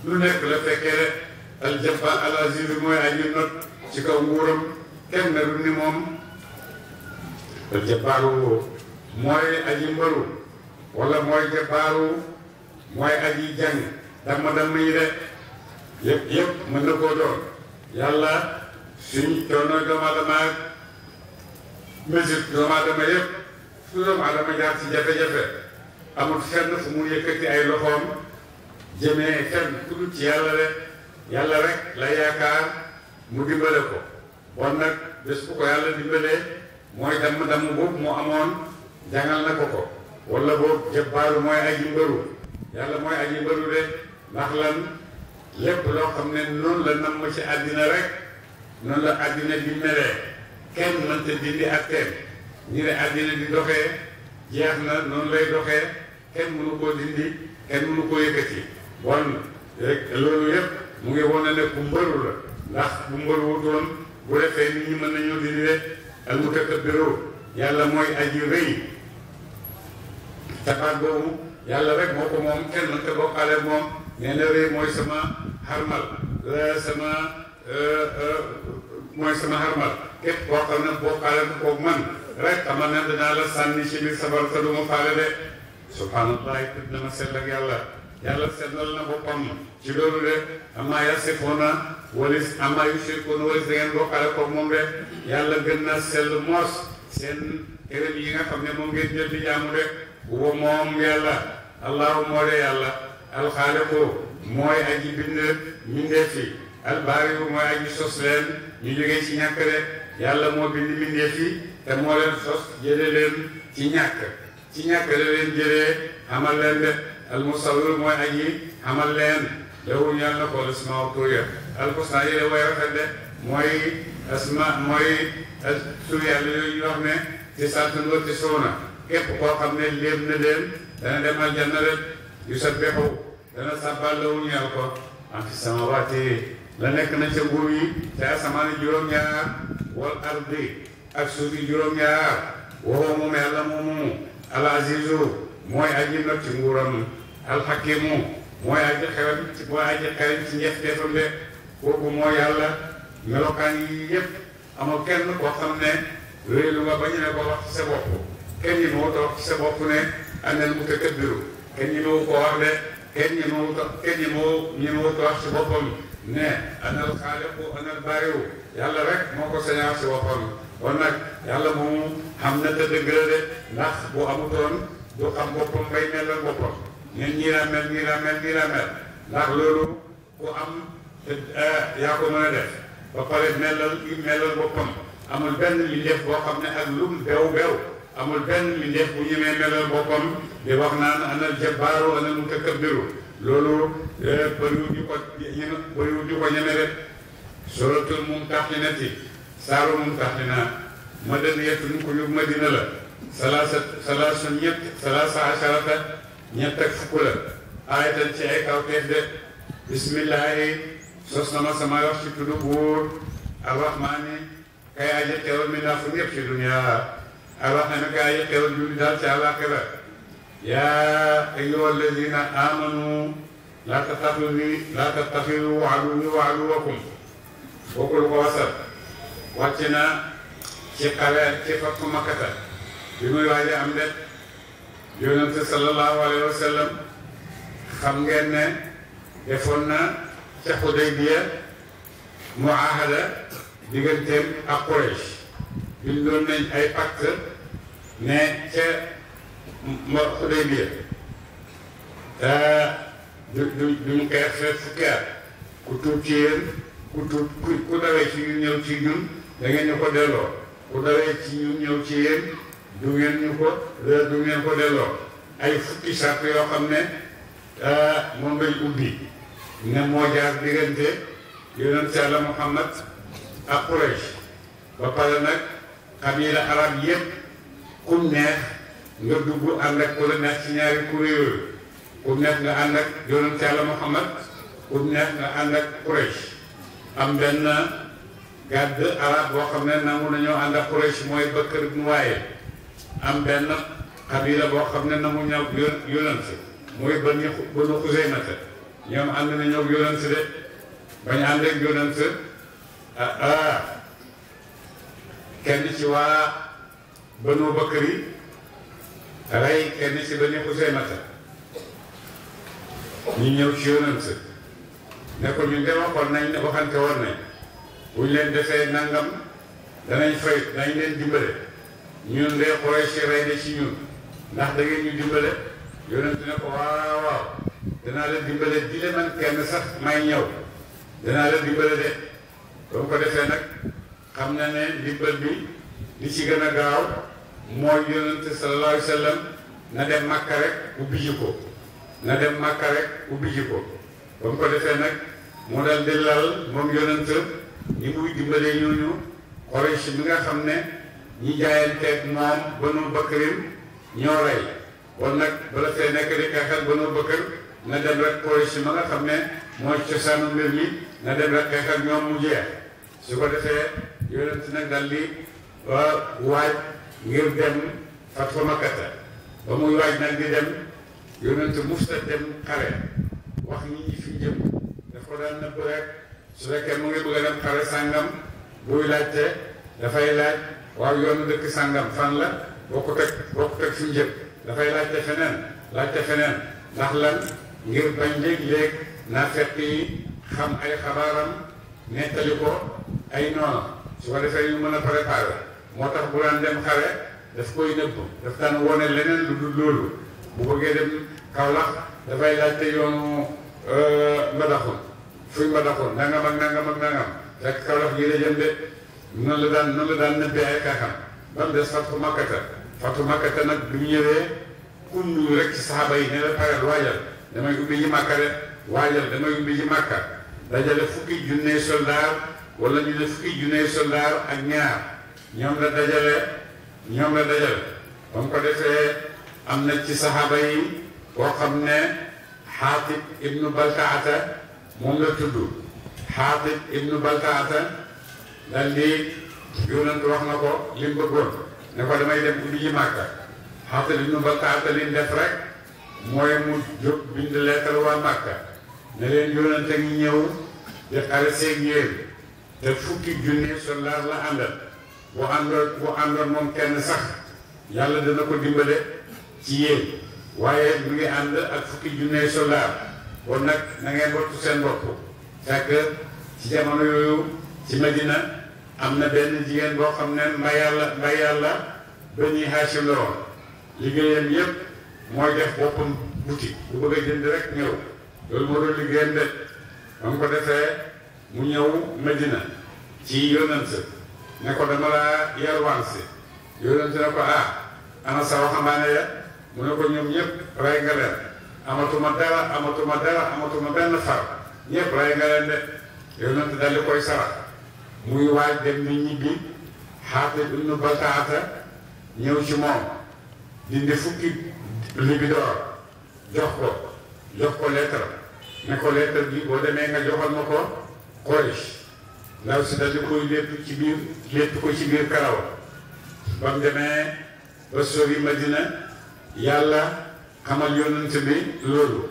lu nekk la fekkee de aljabba al mooy aji not ci kaw nguuram kenn na ni moom te jabaaru mooy aji mbaru mooy jabaaru mooy aji jàng dama dama yi de yëpp yëpp mën na koo doon yàlla suñ coono doomu adama ak mesure doomu yëpp su doomu adama jaar ci jafe-jafe amul fenn fu mu yëkkati ay loxoom jëmee fenn ku ci yàlla rek yàlla rek la yaakaar mu dimbale ko bon nag bés bu ko yàlla dimbalee mooy damm dam boobu mu amoon jàngal na ko ko wala boobu jëbbaaru mooy aji mbëru yàlla mooy aji mbëru de ndax lan lépp loo xam ne noonu la ma ci àddina rek noonu la àddina di melee kenn mënta dindi ak kenn ñi ne di doxee jeex na noonu lay doxee kenn mënu koo dindi kenn mënu koo yëkkati bon loolu yëpp mu ngi wane ne ku mbëru la ndax bu mbëru wutoon bu defee nit ñi mën nañoo dindi de al mutakabbiru yàlla mooy aji rëy tabaat boobu yàlla rek moo ko moom kenn mënut a bokkaale moom nee na mooy sama xarmal sama euh, euh, mooy sama xarmal képp koo xam ne man rek xamal ne danaa la sànni ci biir sabar te du ma faale de subhanallah it dama sell ak yàlla yàlla sellal na boppam ci loolu de amaa yasifuuna walis ama yu sirkun walis da ngeen ko moom rek yàlla gën na sell moos seen erem yi nga xam ne moom ngeen jël di jaamu rek wa moom yàlla allahu moo de yàlla alxaaliqu mooy aji bind mindeef yi albaariwu mooy aji sos leen ñu jógee ci ñàkk rek yàlla moo bind mindeef yi te moo leen sos jële leen ci ñàkk ci ñàkk la leen jëlee xamal leen de almusawir mooy aji xamal leen dawu ñaan na ko sama tur ya alxuraan yi la way rafet de mooy asma mooy suñu yàlla yooyu ñu wax ne ci saatun wa ci suuna képp koo xam ne léeb na leen dana dem aljanna rek yu sabbihu dana sabbal lawu ñeel ko am fi samawaati la nekk nañ ca nguur yi te asamaan juróom-ñaar wal ardi ak suufi juróom-ñaar waxoo moom yàlla moomu al azizu mooy aji nag ci nguuram al hakimu mooy aji xelam ci mooy aji xelam ci njëf teefam de kooku moo yàlla melokaan yi yëpp amul kenn koo xam ne réelu nga bañ ne ko wax ci sa boppam ne anal xaaliqu anal baariwu yàlla rek moo ko sañaar ci boppam kon nag yàlla moomu xam na te dëgg la de ndax bu amutoon du xam boppam bay mel la boppam ñun ñii la mel ñii la mel ñii la mel ndax loolu ku am te yaa ko mën a def ba pare melal melal boppam amul benn mbindeef boo xam ne ak lum bew bew amul benn mbindeef bu ñemee melal boppam di wax naan anal jabbaaru anal mutakabbiru loolu bëriwul ñu ko ñeme bëriwul ñu ko ñeme rek suratul mumtahinati saaru mumtahina madaniyatun ko ñu madina la salaasa salaasa ñett salaasa asharata ñett ak fukk la aayatan ci ay kaw teef de bismillahi sos na ma sama yor ci tudd buur arrahmaani kay aji xewal mi ndax fu ñëpp ci duniya arrahmaani kay aji xewal julli daal ci àllaaxira yaa ayyuha alladina amanu laa tattaxidu laa tattaxidu aduwwi wa aduwwakum bokkul ko wasal wàcc na ci xare ci fakku makkata bi muy waaj am de yonente sallallahu alayhi wa sallam xam ngeen ne defoon na ca Xudaybiya muahada digganteem ak Quraysh bindoon nañ ay pacte ne ca Xudaybiya du du du ñu koy xeet fukki at ku tuub ci yéen ku tuub ku ku dawee ci ñun ñëw ci ñun da ñu ko delloo ku dawee ci ñun ñëw ci yéen du ngeen ñu ko du ngeen ko delloo ay fukki sàpp yoo xam ne moom lañ ubbi. li nga moo jaar diggante yonent yàlla Muhammad ak Quraysh ba nag xabiila arab yépp kum neex nga dugg ànd ak ku la neex ci ñaari kuréel yooyu kum neex nga ànd ak yonent yàlla Muhammad kum neex nga ànd ak Quraysh am benn gàdd arab boo xam ne nangu nañoo ànd ak Quraysh mooy Bakr ibn Waayil am benn xabiila boo xam ne nangu ñaw yonent mooy Banu Xuzaymata ñoom ànd nañoo ak yonent de bañ ànd ak yonent ah, ah. kenn ci waa Banu Bakri rey kenn ci Bani Xuseymata ñu ñëw ci yonent ne ko ñu dem waxoon nañ ne waxante woon nañ buñ leen defee nangam danañ fay dañ leen dimbale ñun de Quraysh rey de ci ñun ndax da ñu dimbale yonent ne ko waaw danaa la dimbale di le man kenn sax may ñëw danaa la dimbale de boo ko defee nag xam na ne dimbal bi li ci gën a gaaw mooy yonente sallallahu alayhi wa dem màkka rek ubbi ko na dem màkka rek ubbi ko ba defee nag moo dal di lal moom yonente ñi muy dimbalee ñooñu Quraysh mi nga xam ne ñi jaayanteeg moom Banu Bakrin ñoo rey kon nag bala fee nekk di xeexal Banu Bakr na dem rek koy si ma nga xam ne mooy cosaanu mbir mi na dem rek xeex ñoom mu jeex su ko defee yonent nag dal li waaj ngir dem fat fa makkata ba muy waaj nag di dem yonent musta fi jëm mu ngi bëgg a dem xare sàngam buy laajte dafay laaj waaw yoonu dëkk sàngam fan la boo ko teg boo ko teg fi jëm dafay laajte feneen laajte feneen ndax lan ngir bañ léeg-léeg naa fekk yi xam ay xabaaram nettali ko ay noonu su ko defee ñu mën a préparé moo tax bu daan dem xare daf koy nëbb daf daan wone leneen lu dul loolu bu bëggee dem Kaolack dafay laajte yoonu euh, Mbadakhoune fuy Mbadakhoune nangam ak nangam fekk Kaolack gii la jëm de la daan noonu la daan nëbbee ay kaaxam ba mu des Fatou Makkata Fatou Makkata nag bi mu ñëwee kundu rek saxaaba yi ne la pareel waajal damay ubbi ji màkka de waajal damay ubbi ji màkka dajale fukki junney soldaar wala ñu fukki junney soldaar ak ñaar ñoom la dajale ñoom la dajale ba ko defee am na ci saxaaba yi koo xam ne xaatib ibnu baltaata moom la tudd xaatib ibnu baltaata dal di yonent wax na ko li mu ko damay dem ubbi ji màkka ibnu baltaata li mu mooy mu jóg bind leetar waa Màkka ne leen yonent ak ñëw di xare seeg yéen te fukki junne soldaar la àndal bu àndoon bu àndoon moom kenn sax yàlla dana ko dimbale ci yéen waaye mu ngi ànd ak fukki junne soldaar kon nag na ngeen seen bopp fekk ci jamono yooyu ci dina am na benn jigéen boo xam ne mbay yàlla mbay yàlla ba ñuy Haashim la liggéeyam yépp mooy def boppam buti bu bëgg a jënd rek ñëw loolu moo doon liggéeyam de ba ko defee mu ñëw Medina ci yonent ne ko dama laa yalwaan si yonent ne ko ah ana sa ya mu ne ko ñoom ñëpp rey nga leen amatuma dara amatuma dara amatuma benn far ñëpp rey nga leen de yonent daldi koy sarax muy waaj dem ni ñibbi Xaatib ibnu Baltaata ñëw ci moom dindi fukki li bi door jox ko jox ko lettre ne ko lettre bi boo demee nga joxal ma ko Quraysh ndaw si daldi koy lépp ci biir lépp ko ci biir karawa ba mu demee ba sori Madina yàlla xamal yonent bi loolu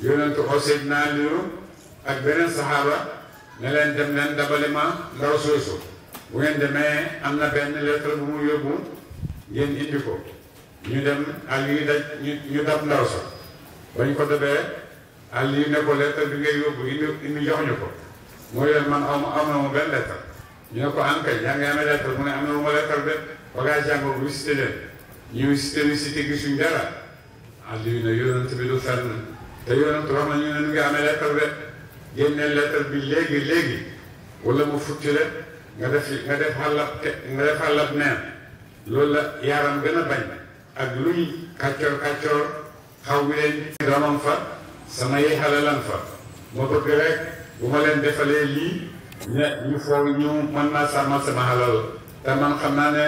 yonent ko Seydina Aliyu ak beneen saxaaba ne leen dem leen dabale ma ndaw soosu bu ngeen demee am na benn lettre bu mu yóbbu ngeen indi ko ñu dem àll yi daj ñu ñu dab ndaw sa bañ ko dabee àll yi ne ko lettre bi ngay yóbbu indi indi jox ñu ko mu leen man aw ma am benn lettre ñu ne ko ankay yaa ngi amee lettre mu ne am na ma lettre de bagage jàngoo bu cité leen ñu cité ni cité gisuñ dara àll yi ne yonent bi du fenn te yonent wax na ñu ne ñu ngi amee lettre de génneel lettre bi léegi léegi wala mu futti la nga def nga def xàllab te nga def xàllab neen loolu la yaaram gën ak lu ñu kàccoor xaw bi leen di danoon fa sama yéexale lan fa ma bëgg rek bu ma leen defalee lii ñe ñu foog ñu mën naa sàmmal sama xalal te man xam naa ne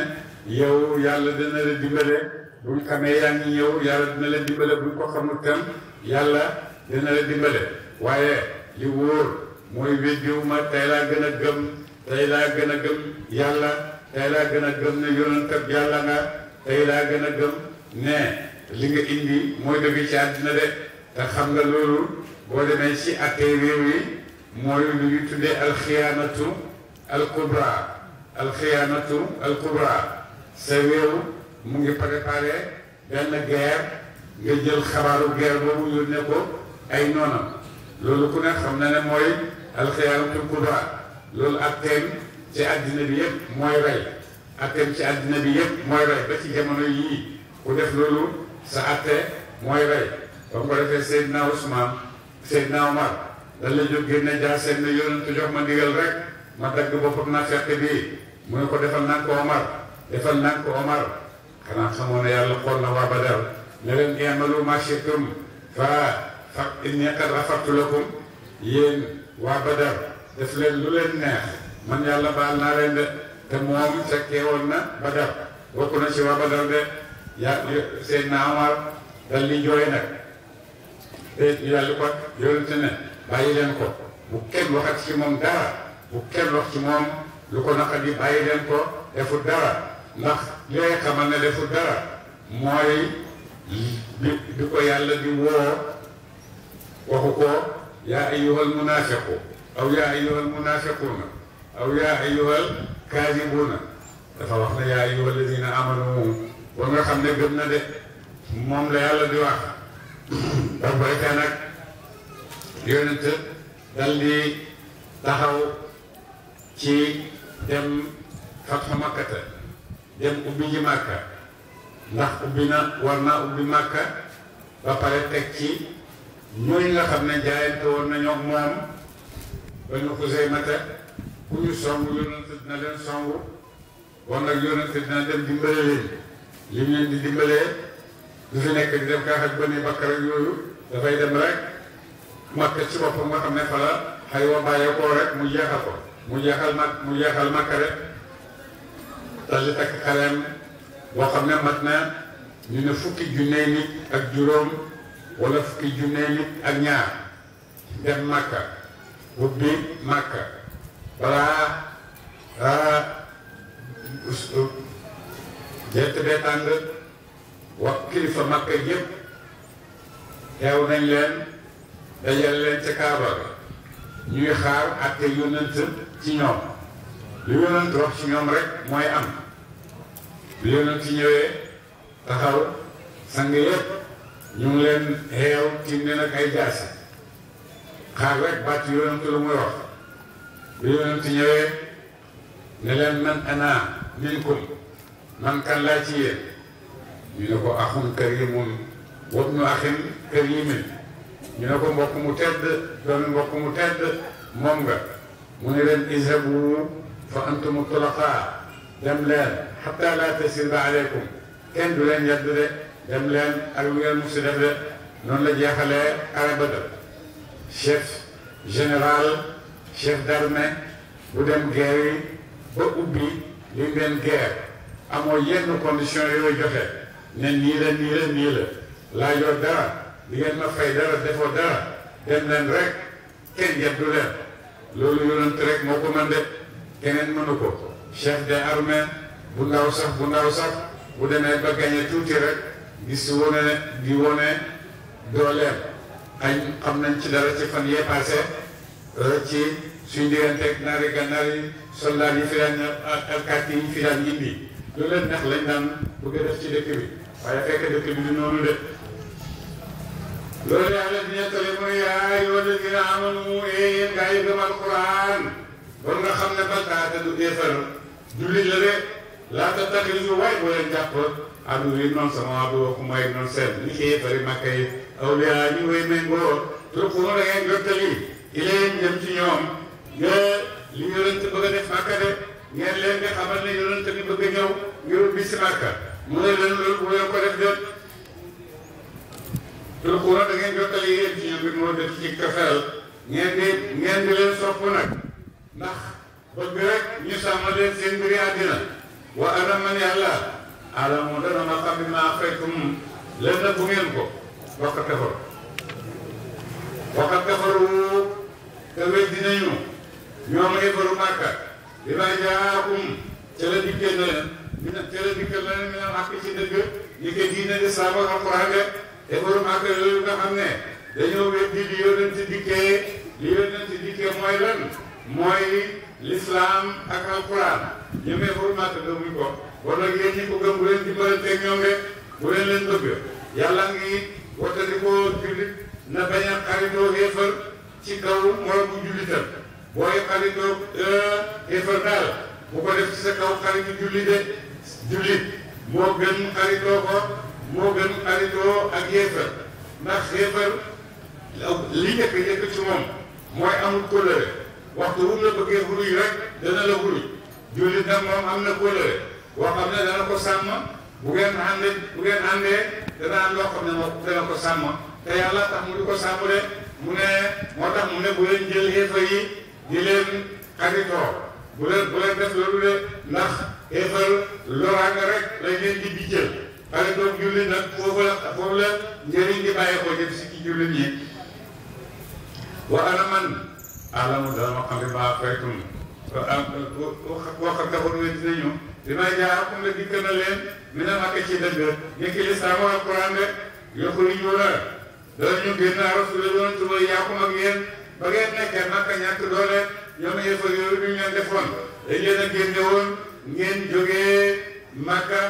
yow yàlla dina la dimbale buñ xamee yaa ngi ñëw yàlla dina la dimbale buñ ko xamul tam yàlla dina la dimbale waaye li wóor mooy weddiwu ma tey laa gën a gëm tey laa gën a gëm yàlla tey laa gën a gëm ne yonentab yàlla nga tey laa gën a gëm ne li nga indi mooy dëgg ci àddina de te xam nga loolu boo demee ci attey réew yi mooy lu ñu tuddee alxiyaanatu alkubra alxiyaanatu alkubra sa réew mu ngi préparé benn guerre nga jël xabaaru guerre boobu yónnee ko ay noonam loolu ku ne xam na ne mooy alxiyaanatu alkubra loolu atteem ci àddina bi yëpp mooy rey atteem ci àddina bi yëpp mooy roy ba ci jamono yii ku def loolu sa atte mooy roy ba ko defee Seydina Ousmane Seydina Omar lan la génne jaa seen ne yonent jox ma ndigal rek ma dagg boppam naa fekk bii mu ne ko defal naan ko defal naan ko Omar xanaa xamoo yàlla xool na waa Badar ne leen ma shi'tum fa fa inni qad ghafartu yéen waa Badar def leen lu leen neex man yàlla baal naa leen de te moom fekkee woon na Badar bokk na ci waa Badar de yaa seen naamaar dal li jooy nag te yàlla ko yonente ne bàyyi leen ko bu kenn waxat ci moom dara bu kenn wax ci moom lu ko naqat bàyyi leen ko defu dara ndax lee xamal ne defu dara mooy di di ko yàlla di woo waxu ko yaa ayyuhal munaafiqu aw yaa ayyuhal munaafiquuna aw yaa ayyuhal kaadibuuna dafa wax ne yaa ayyuha alladina amanu ba nga xam ne gëm na de moom la yàlla di wax ba bayka nag yonent dal di taxaw ci dem fatxa makkata dem ubbi ji màkka ndax ubbi na war naa ubbi màkka ba pare teg ci ñooñ nga xam ne jaayante woon nañoo moom ba ñu xusey mata ku ñu song yonent dina leen song kon nag yonent dina dem dimbale leen li ñu leen di dimbalee du fi nekk di def gaax ak bënn bakkar ak yooyu dafay dem rek makka ci boppam nga xam ne fa la wa bàyyee koo rek mu jeexal ko mu jeexal mag mu jeexal makka rek daldi takk xareem boo xam ne mat na ñu ne fukki junnee nit ak juróom wala fukki junnee nit ak ñaar dem makka ubbi makka balaa ah. gerte bee tàng wax kilifa Makka yëpp teew nañ leen dajal leen ca Kaaba ga ñuy xaar àtte yónnent ci ñoom lu yónnent wax ci ñoom rek mooy am lu yónnent ñëwee taxaw sang yëpp ñu ngi leen xeew ci ne nag ay jaasi xaar rek bàtt yónnent lu muy wax bi yonent ñëwee ne leen man ana minkum man kan laa ci yéen ñu ne ko axun karimun wabnu axin karimin ñu ne ko mbokk mu tedd doomi mbokk mu tedd moom nga mu ne leen izhabu fa antum mutlaqa dem leen xataa laa tasiba aleykum kenn du leen yedd de dem leen ak lu ngeen musi def de noonu la jeexalee arabada chef général chef d'armée bu dem guerre yi ba ubbi li ngeen guerre amoo yenn condition yooyu joxe ne nii la nii la nii la laajoo dara di ngeen ma fay dara defoo dara dem leen rek kenn yeddu leen loolu yonent rek moo ko mën de keneen mënu ko chef des armées bu ndaw sax bu ndaw sax bu demee ba gañe tuuti rek di si wone di wone dooleem añ xam nañ ci dara ci fan yee passé Reci, sindiran tek nari ganari, kan selani filan akati filan ini. Lula nak lendang, bukada si dekibi. Paya keke dekibi di nonu dek. Lula ala dinya telemu ya, yuwa dekira amal mu'in, eh, gaya gemar Qur'an. Bunga khamna bata ada du efer, duli lere, lata tak ilu wai boleh japot. Abu Rinon sama Abu Kumai Nonsen, ni efer makai, awliya ni wai menggo, terukumur yang ileen jëm ci ñoom nga li yonent bëgg a def màkka de ngeen leen nga xamal ne yonent bi bëgg ñëw ngir ubbi si màkka mu ne leen loolu ko def jot tul xuura da ngeen jottali yéen ci ñoom bi moo def ci kafaral ngeen di ma xam bi maa leen na bu ngeen ko waxat kafaru waxat kafaru te weddi nañu ñoom aybaru màkka bi ma jaakum ca la dikkee na leen ne ca dikkee na leen mi ne màkk ci dëgg ko diine di saaba alquran de aybaru màkka yooyu nga xam ne dañoo weddi li yonent dikkee li yonent ko kon nag yéen bu leen leen bëgg yàlla ngi wata di ko jullit na bañ a xaritoo yéefar ci kaw mooy bu jullitam booy xaritoo kéefar euh, daal bu ko def ci sa kaw xaritu julli de jullit moo gën xaritoo ko moo gën xaritoo ak yéefar ndax yéefar li njëkk njëkk ci moom mooy amul kóllëre waxtu wu mu la xuruj rek dana la xuruj jullit moom am na kóllëre boo xam ne dana ko sàmm bu ngeen àndee bu ngeen àndee dana am loo xam ne moom dana ko sàmm te yàlla tax mu di ko sàmm de mu ne moo tax mu ne bu leen jël xeefar yi di leen xaritoo bu leen bu leen def loolu de ndax xeefar loraanga rek lañ leen di bijjël xaritoo jullit nag foofu la foofu la njëriñ di bàyyi ko jëm si ci jullit ñi wa ana man alamu dama xam ne maa am koo xam taxoon nga dinañu li may jaar xam ne dikk na leen mi ne makk ci dëgg nekk lislaam alquran de yoxuri ñoo la loolu ñu génn naa rasul yoon tuba yàqu ak yéen ba ngeen nekkee naka ñàkk doole ñoom yëfa yooyu duñ leen defoon dañ leen a génne woon ngeen jógee màkka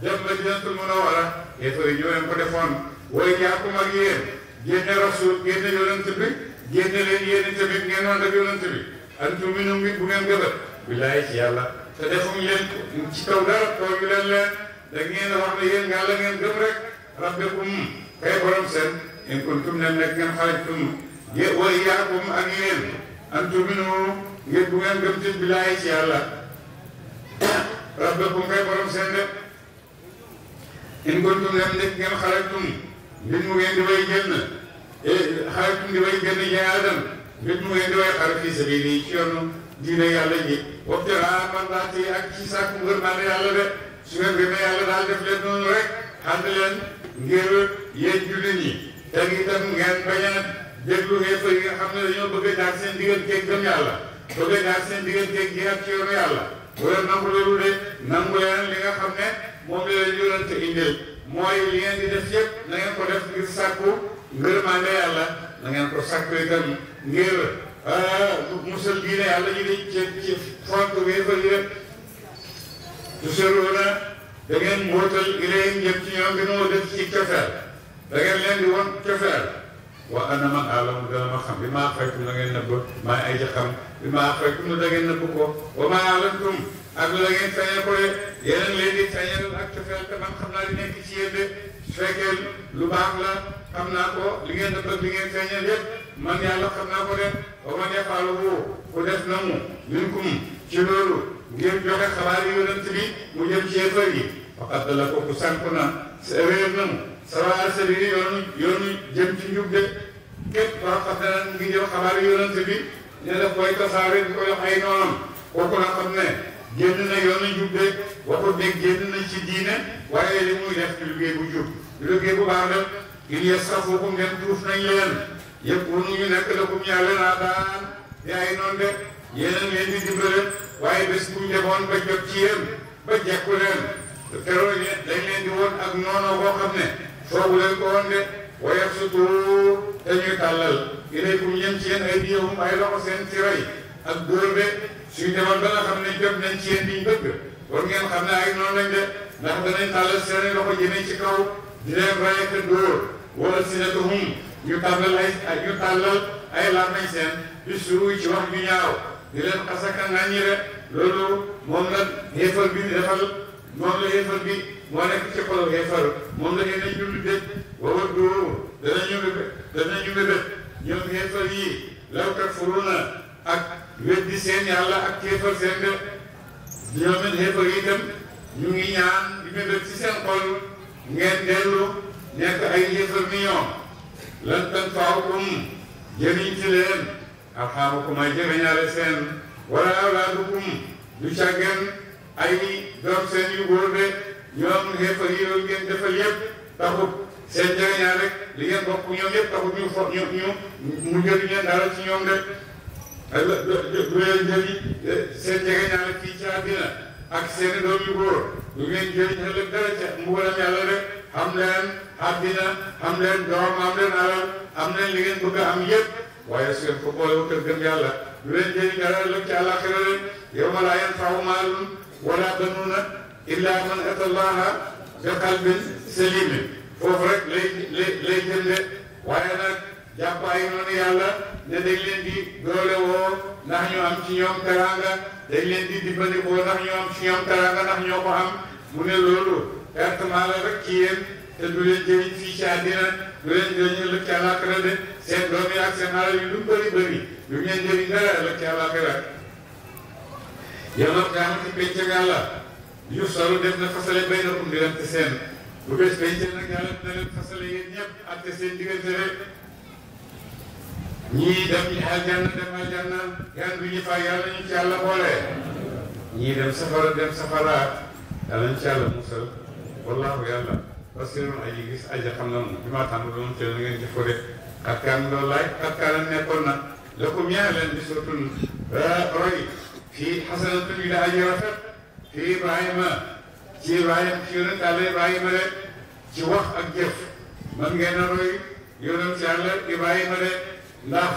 dem ba Madinatul Munawwara yëfa yi ñoo leen ko defoon way yàqu ak yéen génne rasul génne yonent bi génne leen yéen tamit ngeen ànd ak yonent bi antu minum bi bu ngeen gëbal bilaay ci yàlla te defuñ leen ci kaw dara too da ngeen a wax ne yéen nga la ngeen gëm rek rabbikum kay borom seen in kuntum nem nekk ngeen xarajtum ye wa iyaakum ak yéen an ngeen bu ngeen gëm ci billaahi ci yàlla rabbakum kay borom seen de in kuntum nem nekk ngeen xarajtum mbir mu ngeen di way génn xarajtum di way génn jihaadan mbir mu ngeen di way xare fii sabiili ci yoonu diine yàlla ji wabtigaa mardaati ak ci sàkku ngërmaane yàlla de su ngeen gëmee yàlla daal def leen noonu rek ànd leen ngir yéen jullit ñi te itam ngeen bañ a déglu xeefar yi nga xam ne dañoo bëgg a jaar seen digganteeg gëm yàlla bëgg a jaar seen digganteeg jihaat ci yoonu yàlla bu leen nangu loolu de nangu leen li nga xam ne moom la leen li ngeen di def yëpp na ngeen ko def ngir sàkku ngërëmaande yàlla na ngeen ko sàkku itam ñu ah, di ci ci fonk xeefar yi rek du seetloo na da ngeen mbootal ilayhim ci ñoom gën a def ci cofeel da leen di wan cofeel wa ana man aalamu dana ma xam bi maa faytum la ngeen nëbb maa ay ja bi maa faytum la da nëbb ko wa maa alantum ak la ngeen feeñe ko yéen a ngi leen di feeñal ak cofeel te man xam naa di nekk ci yéen de lu baax la xam naa ko li ngeen nëbb ak li ngeen feeñal yépp man yàlla xam naa ko de wa man yafaaluhu ku def na mu minkum ci loolu ngeen joxe xabaar yi yonent bi mu jëm ci yéefar yi faqad dala ko ku salaasa bi yoonu yoonu jëm ci njub de képp a xam ne nag ngi jël xabaar yonent bi ne daf koy tasaare di ko yox ay noonam kooku la xam ne génn na yoonu njub de waxut ne génn na ci diine waaye li muy def ci ba jot ci yéen ba jekku leen te leen di woon ak noonoo boo xam ne foogu leen ko woon de wa yabsutu te ñuy tàllal ilaykum ñeen ci yéen ay diyahum ay loxo seen ci rey ak góor de suñ demoon ba nga xam ne jot nañ ci yéen diñ bëgg war ngeen xam ne ay noonu lañ de ndax danañ tàllal seen loxo jëmee ci kaw di leen rey te dóor wala sinatuhum ñu tàllal ay ñu tàllal ay làmmiñ seen bi suruy ci wax ñu ñaaw di leen xasaka ngàññi de loolu moom la xéefal bi defal moom la bi moo nekk ci xolom ngay faru moom la ngeen di julli dégg wala duuru danañu bébé danañu bébé ñoom ngay far yii law takfuruuna ak weddi seen yàlla ak kéefar seen def ñoom it kéefar yi itam ñu ngi ñaan di bébé ci seen xol ngeen dellu nekk ay yéefar ni ñoom lan tanfa'ukum jëriñ ci leen arhaamukum ay jëriñaale seen wala awlaadukum du càggeen ay doom seen yu góor de ñoom xeefar yi loolu ngeen defal yëpp taxut seen jegeñaal rek li ngeen bokk ñoom yëpp taxut ñu fo ñu ñu mu jëriñ ci ñoom rek ak du leen jëriñ eh, seen jegeñaal ak seen doom yu góor du ngeen jëriñ dara ca mbugalam yàlla doom am leen alal am leen li ngeen bëgg a am yëpp waaye su ngeen wu kër gëm yàlla du illaa man atallaha bi qalbin salimin foofu rek lay lay lay jënde waaye nag jàpp ay noonu yàlla ne dañ leen di woo ndax ñu am ci ñoom teraanga dañ leen di dimbandikoo ndax ñu am ci ñoom teraanga ndax ñoo ko am mu ne loolu perte maa rek ci yéen te du leen jëriñ fii ci àddina du leen jëriñ ëllëg de seen doom ak seen alal yi lu bëri bëri du ngeen jëriñ dara ëllëg ci àllaaxira yow nag daa ci yu salu def na fasale bay na um di rek seen bu bés bañte nag yàlla na leen fasale yéen ñëpp atte seen diggante rek dem ñi aljanna dem aljanna gan bi ñu fa yàlla ñu ci yàlla boole ñii dem safara dem safara yàlla ñu ci yàlla musal wallaahu yàlla parce que noonu aji gis aji xam na moom bi maa tàmm doon ci la ngeen jëf ko de xatkaan loolu laaj xatkaan nekkoon na la ko ñeer leen di sotun euh, roy fii xasanatun yi da aji rafet te Ibrahima ci Ibrahima ci Ibrahima rek ci wax ak jëf man ngeen a roy yonent Yàlla Ibrahima rek ndax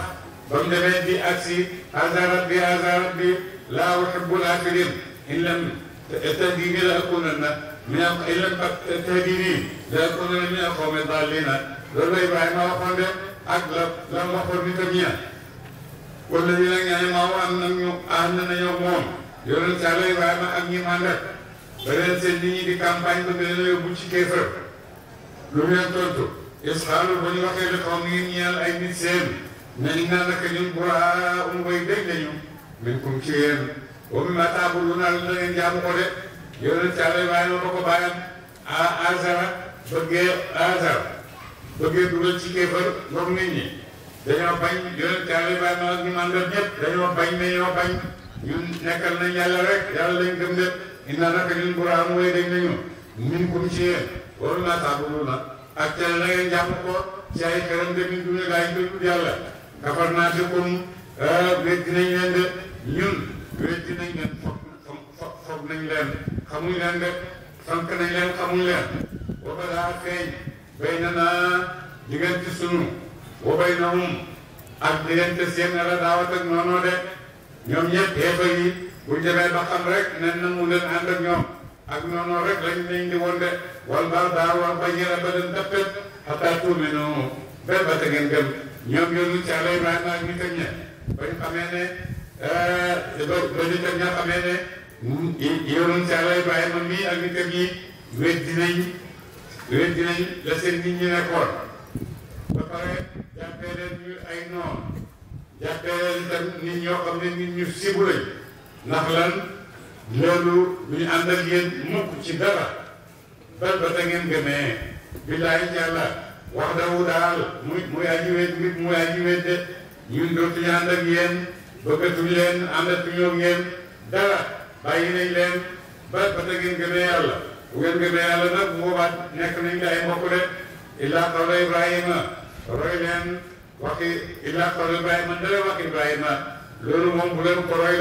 ba mu demee di agsi azaarat bi azaarat bi laa uhibbul aafiliin in lam tahdiinii la akuunanna min in lam tahdiinii la akuunanna min al-qawmi ad-daalliin loolu la Ibrahima waxoon de ak la la waxoon nitam ña wala ñu ne ñu ne am nañu ànd nañoo yonent yàlla Ibrahima ak ak ba leen seen nit ñi di campagne ba gën a yóbbu ci kéefër lu mu leen tontu isxaalu ba ñu waxee ne xaw ngeen ñeel ay nit seen nañ naan ak ñun buraa um bay dégg nañu min kum ci yéen wa mi ma taabu lu lu na ngeen jaamu ko de yonent yàlla Ibrahima ba ko bàyyam a azara bëggee azara bëggee dugal ci kéefër ndox nit ñi dañoo bañ yonent yàlla Ibrahima ak ñi ànd ak dañoo bañ ne ñoo bañ ñun nekkal nañ yàlla rek yàlla lañ gëm ne inna naka ñun Quraan mooy dañ nañu min kum ci yéen waru naa taabudu na ak teel na ngeen jàpp ko ci ay xeram de min dune ñu koy yàlla kafar naa te comme ah, wéddi nañ leen de ñun wéddi nañ leen foog foog nañ leen xamuñ leen de fank nañ leen xamuñ leen wa badaa feeñ bay na naa diggante sunu wa bay na hum ak diggante seen ala daawat ak noonoo de ñoom ñëpp xeefar yi buñ demee ba xam rek nen na mu leen ànd ñoom ak noonu rek lañ nañ di woon de wal baax daa war ba ñëra ba den dappet xataa tuuminu benn ba te ngeen gëm ñoom yonul ci àlla Ibrahima ak ñu teg ñe bañ xamee ne eh, ba ñu teg ña xamee ne yonul ci àlla Ibrahima mii ak ñu teg ñi weddi nañ weddi nañ la seen nit nekkoon ba pare jàppee leen ñu ay noon jàppee itam nit ñoo xam ne nit ñu sibu lañ ndax lan loolu bu ñu ànd ak ci dara bal ba ta ngeen gëmee billaahi yàlla wax dawu daal muy muy aji wet ngir muy aji wet de ñun dootuñu ànd ak yéen leen àndatuñoo ak yéen dara bàyyi nañ leen bal ba ta ngeen gëmee yàlla bu ngeen gëmee yàlla nag bu boobaa nekk nañ ay mbokk de illaa xawla ibrahima roy leen waxi illaa qawl a ndare wax Ibrahima loolu moom bu leen ko roy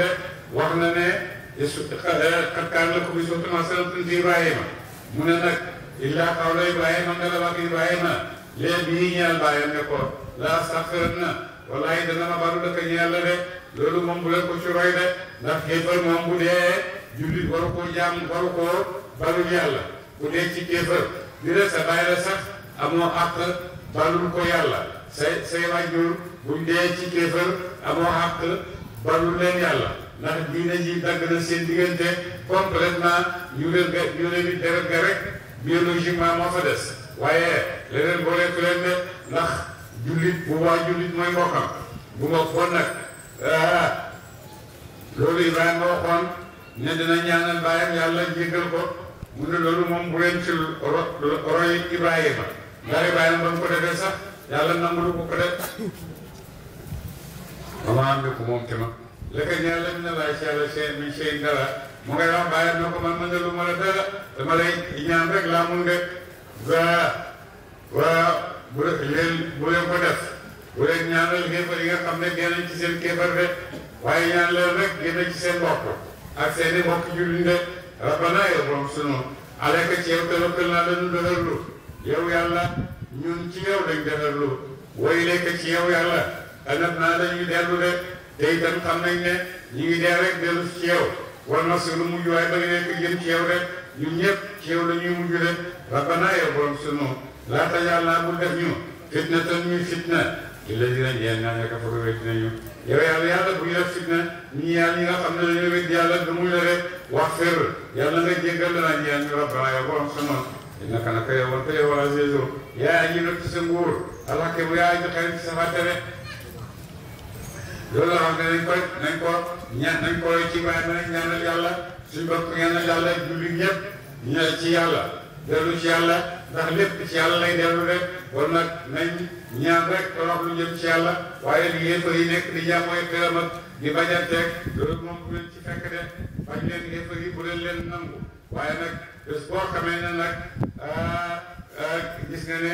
wax na ne qad kaana lakum uswatun hasanatun fi Ibrahima mu ne nag illaa qawla Ibrahima ndare wax Ibrahima léegi ñii ñaar bàyyam ne ko laa saxarat na walaay dana ma baru dëkk ñu yàlla de loolu moom bu leen ko ci de ndax kéefar moom bu dee jullit waru ko jaam waru ko balul yàlla bu dee ci kéefar bi de sa bàyyi la sax amoo àq balul ko yàlla say say waajur buñ dee ci kéefër amoo xàq balul leen yàlla ndax diine ji dagg na seen diggante complètement ñu leen ga ñu di deret ga rek biologiquement moo fa des waaye leneen boo lekk leen ndax jullit bu waa jullit mooy mbokkam bu ma kon nag ah, loolu Ibrahima waxoon ne dina ñaanal baayam yàlla jéggal ko mu ne loolu moom bu leen ci roy Ibrahima ndax Ibrahima ba mu ko defee sax yàlla nangul ko ko def maman bi ko moom tamit léegi ñaar lañ ne laaj si yàlla seen mi seen dara mu ngay wax bàyyi na ko man man de lu ma la dara dama laa mun de waa waa bu leen bu leen ko def bu leen ñaanal kéefar yi nga xam ne génn ci seen kéefar de waaye ñaan leen rek génn ci seen bopp ak seen i mbokk jullit de rabbana yow borom sunu aleka ci yow tawakkalnaa la ñu dëgërlu yow yàlla. ñun ci yow lañ defarlu way lekk ci yow yàlla anab naa dañuy dellu rek te itam xam nañ ne ñu ngi rek dellu ci yow war na sunu mujj waaye ba nga nekk jëm ci yow rek ñun ñëpp ci yow la ñuy mujj rek rabbana yow borom sunu laa tajal naa bu def ñu fitna tan ñuy fitna illa dina ñeen ñaa ñaka fago wet dinañu yow yàlla yàlla bu ñu def fitna ñi yàlla ñu rabbana yow borom innaka naka yow anta yow azizu yaa ñu nekk ci sa nguur alxakim yaa ñu xarit ci sa fàttere loolu la xam nañ ko nañ ko ñaan nañ ko ci bàyyi nañ ñaanal yàlla suñ bopp ñaanal yàlla julli ñëpp ñaan ci yàlla dellu ci yàlla ndax lépp ci yàlla dellu rek kon nag nañ ñaan rek torox lu jëm ci yàlla waaye li yéefar yi nekk di jàmmooy këram ak di bañanteeg loolu moom bu leen ci fekk de bañ leen yéefar yi bu leen leen nangu waaye nag bés boo xamee ne nag ah, ah, gis nga ne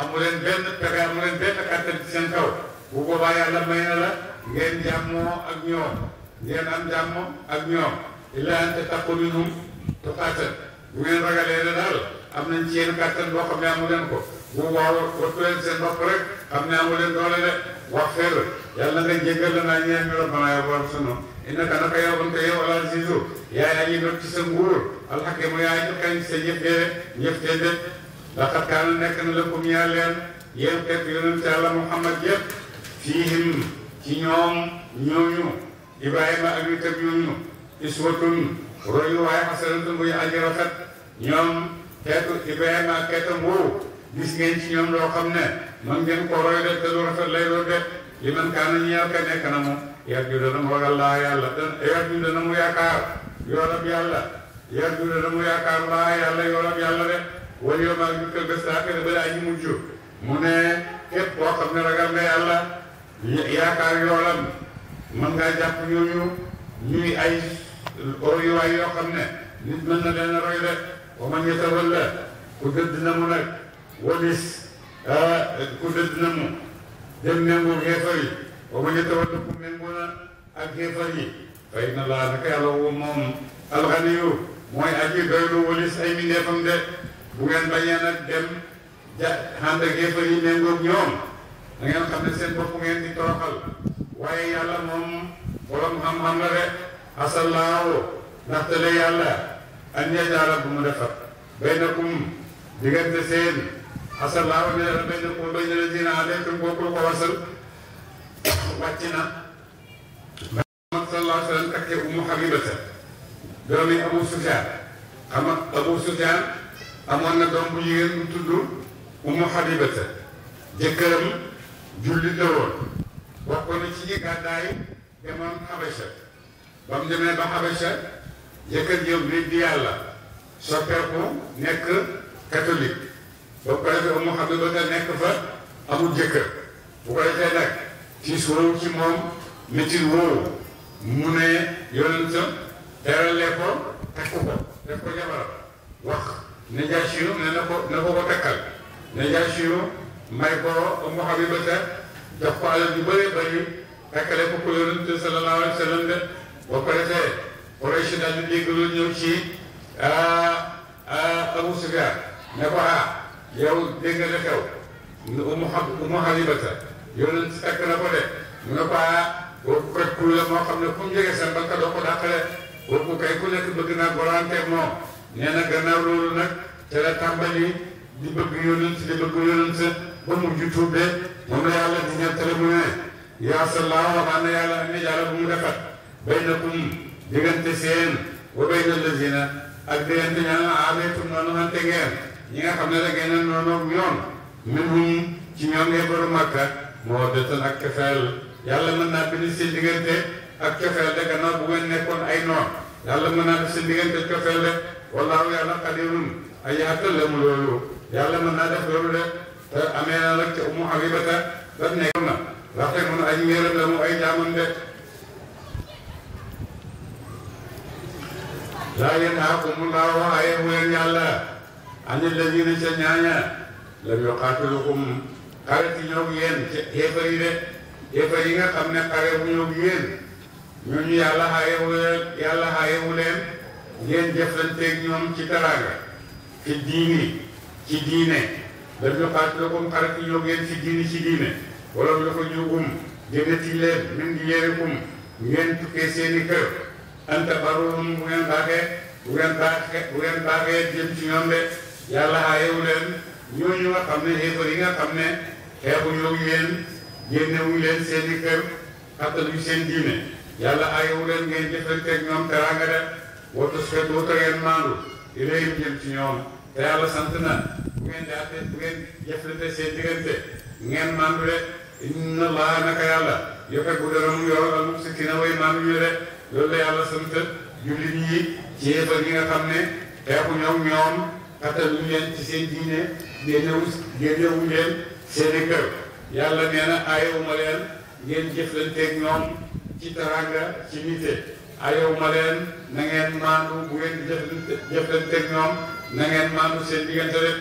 amu leen benn pexe amu benn kàttan ci seen kaw bu boobaa yàlla may na la ngeen jàmmoo ak ñoom ngeen am jàmmoo ak ñoom illa an tattaqu minhum tuqaatan bu ngeen ragalee ne daal am nañ ci yéen kàttan boo xam ne amu leen ko bu boobaa wattu leen seen bopp rek xam ne amu leen doole wax fer yàlla nga jéggal naa ñeen mi rabbanaa yow borom sa innaka naka yow anta yow al azizu yaa yaa ngi not ci sa nguur alxakimu yaa ngi xeeñ ci sa jëfee jëfee def laqad kaana nekk na lakum yaa leen yéen xeet yonent yàlla Muhammad yëpp fiihim ci ñoom ñooñu Ibrahima ak nitam ñooñu iswatun royuwaay xasanatun muy aji rafet ñoom xeetu Ibrahima ak xeetam woowu gis ngeen ci ñoom loo xam ne man ko roy def te lay doon def li man kaana ñi yàlla nekk na moom. yar ju dana mu ragal laa yàlla yar ju dana mu yaakaar yoolab yàlla yar ju dana mu yaakaar laa yàlla yoolab yàlla de wala yow maa ngi bés laa kër ba daa ñu mujj mu ne képp koo xam ne ragal nga yàlla yaakaar yoolam mën ngaa jàpp ñooñu ñuy ay royuwaay yoo xam ne nit mën na leen roy de wa man yatawalla ku dëdd na mu nag walis ah, ku dëdd na mu dem ne nguur geefar yi ومن يتولكم منكم أكثر فإن الله نكال ومم الغني موي أجي دويلو وليس أي من يفهم ده بغن بيانا دم hande gefar yi mengok ñoom da ngeen xam ne seen bopp ngeen di toroxal waaye yàlla moom borom xam-xam la de asallaahu ndaxte la yàlla an yajaala bu mu defar baynakum diggante seen asallaahu ne dafa baynakum bayna lazina alaykum bokkul ko wasal wàcc na Muhammad sallallahu alayhi wa sallam takkee Umu Habibata doomi Abu Sufyaan xam Abu Sufyaan amoon na doom bu jigéen bu tudd Umu Habibata jëkkëram jullit la woon bokk ci ñi gàddaay demoon Habasha ba demee ba Habasha jëkkër jëm nit di yàlla soppeeku nekk catholique ba pare Umu Habibata nekk fa amul jëkkër bu ko defee nag ci soow ci moom métier woowu mu ne yonentam teralee ko takku ko def ko jabaram wax Najaasiyu ne na ko na ko ko takkal Najaasiyu may ko Ummu Habibata jox ko alal ju bëree bëri takkale ko ko yonent sallallahu alayhi wa sallam de ba pare tey Quraysh daal di déglu ñëw ci Abu Sufyaan ne ko ah yow dégg nga ne xew Ummu Habibata yonent fekk na ko de mu ne ko ah, boobu koy kul la moo xam ne fu mu jege seen banka doo ko dàqale boobu kay ku nekk bëgg naa boranteeg moom nee na gannaaw loolu nag te tàmbali di bëgg yonent di bëgg yonent ba mujj tuube moom la yàlla di ñettale mu ne yaa sallahu waxaan na yàlla am seen wa bay na lazina ak diggante ñaan aabeetum noonu xante ngeen ñi nga xam ne da ngeen noonu ak ñoom min hum ci ñoom ngay boru makka moo dëttan ak cofeel yàlla mën naa bind seen diggante ak cofeel de gannaaw bu ngeen nekkoon ay noon yàlla mën naa def seen diggante cofeel de wallaahu yàlla xadirun ay yaatal la mu loolu yàlla mën naa def de te amee na nag ca umu habibata daf nekkoon na ndaxte mun ay yéeram la mu ay jaamam de laa yanhaakumullahu waaye mu leen yàlla ani lladiina ca ñaaña lam yuqaatilukum xare ci ñoom yéen xeefar yi nga xam ne xare bu ñoom yéen ñooñu yàlla xaayewu yàlla xaayewu leen ngeen jëflanteeg ñoom ci teraanga ci diini ci diine dañu xaat la comme xare ci ñoom ci diini ci diine wala mu dafa ñuugum jëndati leen min di yéerikum ngeen tukkee seeni kër anta baruhum bu ngeen baaxee bu ngeen baaxee bu ci ñoom de yàlla xaayewu leen ñooñu nga xam ne xeefar yi nga xam ne xeexuñoo yéen génnewuñ leen seen i kër xattaluñ seen diine yàlla ayowu leen ngeen jëfanteeg ñoom teraanga de woote su fekkee woote ngeen maandu di leen jëm ci ñoom yàlla sant na bu ngeen di àtte bu ngeen yàlla yokkat bu dara mu yor al muksitina way maandu ñu de loolu la yàlla sant jullit ñi ci xeefar yi nga xam ne xeexuñoo ñoom. xatal ñu leen ci seen diine génnewu génnewuñ leen seeni kër yàlla nee na ayewuma leen ngeen jëflanteeg ñoom ci taranga ci nite ayewuma leen na ngeen maandu bu ngeen jëflante jëflanteeg ñoom na ngeen maandu seen diggante rek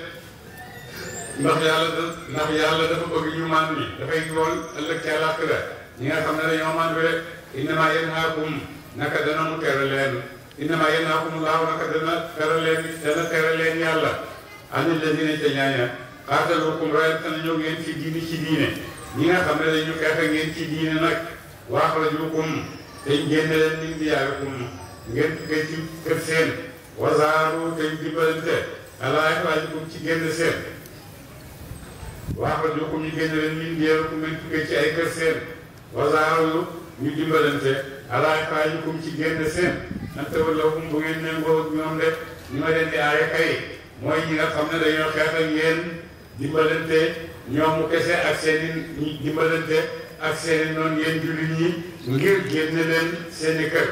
ndax yàlla dafa bëgg ñu maandu ñi dafay ñëwal ëllëg ci àllaaxira ñi nga xam ne dañoo maandu rek innamaa yanhaakum naka dana mu tere leen innama yanhaakumullahu naka dana tere leen dana tere yàlla ani lazina ca ñaaña qaatalukum rayatan ñëw ngeen ci diini ci diine ñi nga xam ne dañu xeex ak ngeen ci diine nag wa axrajukum te génne leen min diyaarikum ngeen ci kër seen wazaaru te dimbalante alaa ixraajikum ci génn seen wa axrajukum ñu génne leen min diyaarikum ngeen tukkee ci ay kër seen wazaaru ñu dimbalante alaa xaajukum ci génn seen an tawallahum bu ngeen nangoo ak ñoom de ñu ma leen di aaya kay mooy ñi nga xam ne dañoo xeex ak yéen dimbalante ñoomu kese ak seen i dimbalante ak seen i noonu yéen jullit ñi ngir génne leen seen kër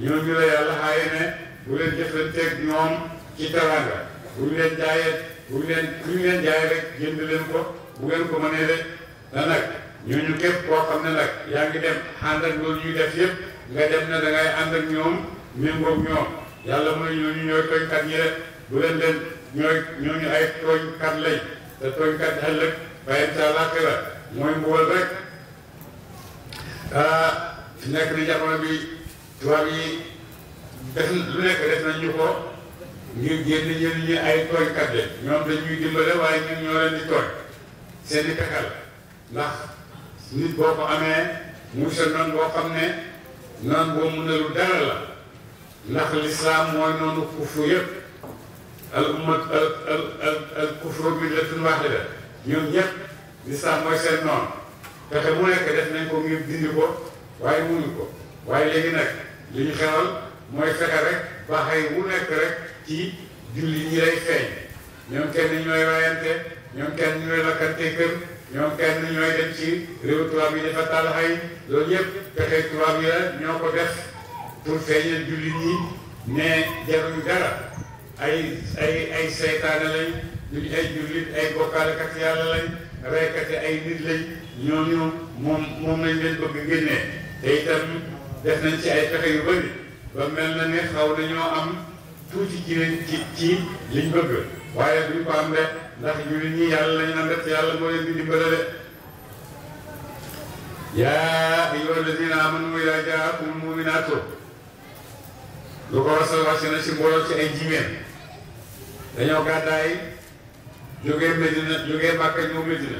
ñooñu la yàlla xaaye ne bu leen jëflanteeg ñoom ci taranga bu ñu leen jaayee bu ñu leen bu ñu leen jaayee rek jënd leen ko bu ngeen ko mënee rek da nag ñooñu képp koo xam ne nag yaa ngi dem ànd ak loolu ñuy def nga dem ne da ngay ànd ak ñoom méngoog ñoom yàlla mu ne ñooñu ñooy tooñkat ñi rek bu leen leen ñooy ñooñu ay tooñkat lay te tooñkat ëllëg bàyyi ca làkkira mooy mbugal rek ah, nekk ni jamono bi tubaab yi def lu nekk def nañ ñu ko ngir génn ñenn ñi ay tooñkat de ñoom dañuy dimbale waaye ñun ñoo leen di tooñ seen i ndax nit boo ko amee muy sa noon boo xam ne naan boo mu ne lu dara la ndax lislaam mooy noonu kufru yëpp al ummat al al al al kufru millatun waxida ñoom ñëpp lislaam mooy seen noonu pexe mu nekk def nañ ko ngir dindi ko waaye munuñ ko waaye léegi nag li ñu xewal mooy fexe rek baaxay wu nekk rek ci julli ñi lay feeñ ñoom kenn ñooy rayante ñoom kenn ñooy lakkante kër ñoom kenn ñooy dem ci réew tubaab yi dafa taal xay loolu yëpp pexe tubaab yi la ñoo ko def pour feeñal jullit ñi ne jaruñ dara ay ay ay seytaane lañ duñ ay jullit ay bokkaalekat yàlla lañ reykate ay nit lañ ñooñu moom moom lañ leen bëgg génnee te itam def nañ ci ay pexe yu bëri ba mel na ne xaw nañoo am tuuti ci ci ci liñ bëgg waaye duñ ko am rek ndax jullit ñi yàlla lañu ànd ak yàlla moo leen di dimbale de yaa ayyuha alladina amanu idaa jaakum muminaatu lu ko rasal wàcc na ci mbooloo ci ay jigéen dañoo gàddaay jógee Medina jógee Màkka ñëw Medina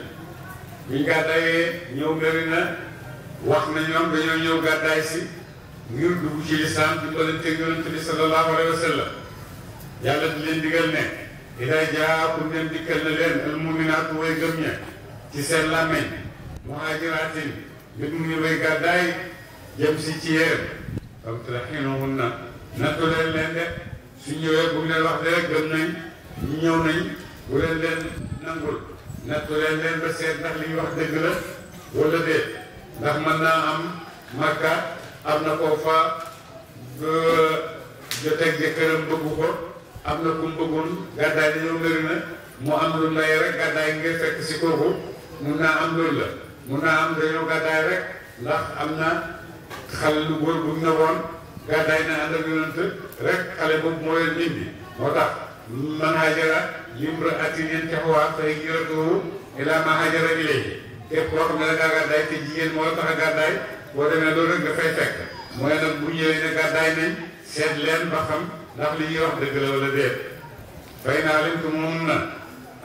buñ gàddaayee ñëw Medina wax na ñoom dañoo ñëw gàddaay si ngir dugg ci lislaam dimbalante yonent bi sallallahu alayhi wa sallam yàlla di leen digal ne ila jaakum dem dikkal na leen al muminaatu way gëm ña ci seen làmmiñ muhajiraatin mbir mu ngi way gàddaay jëm si ci yéen famtrahinuhun na nattu leen leen de su ñëwee bu leen wax de rek nañ ñu ñëw nañ bu leen leen nangul nattu leen leen ba seet ndax li wax dëgg la wala déet ndax mën naa am makka am na ko fa joteeg jëkkëram bëggu ko am na ku mu bëggoon gàddaay ñëw ndëri na mu am lu lay rek gàddaay ngir fekk si kooku mun naa am loolu la mun naa am dañoo gàddaay rek ndax am na xale lu góor bu ñu ne woon gàddaay na ànd ak yonent rek xale boobu moo tax man hajara ne da ngaa gàddaay te jigéen moo tax a gàddaay boo demee loolu rek nga fay fekk mooy nag bu ñëwee ne gàddaay nañ seet leen ba xam ndax li ñuy wax dëgg la wala déet fay naa leen ko moom na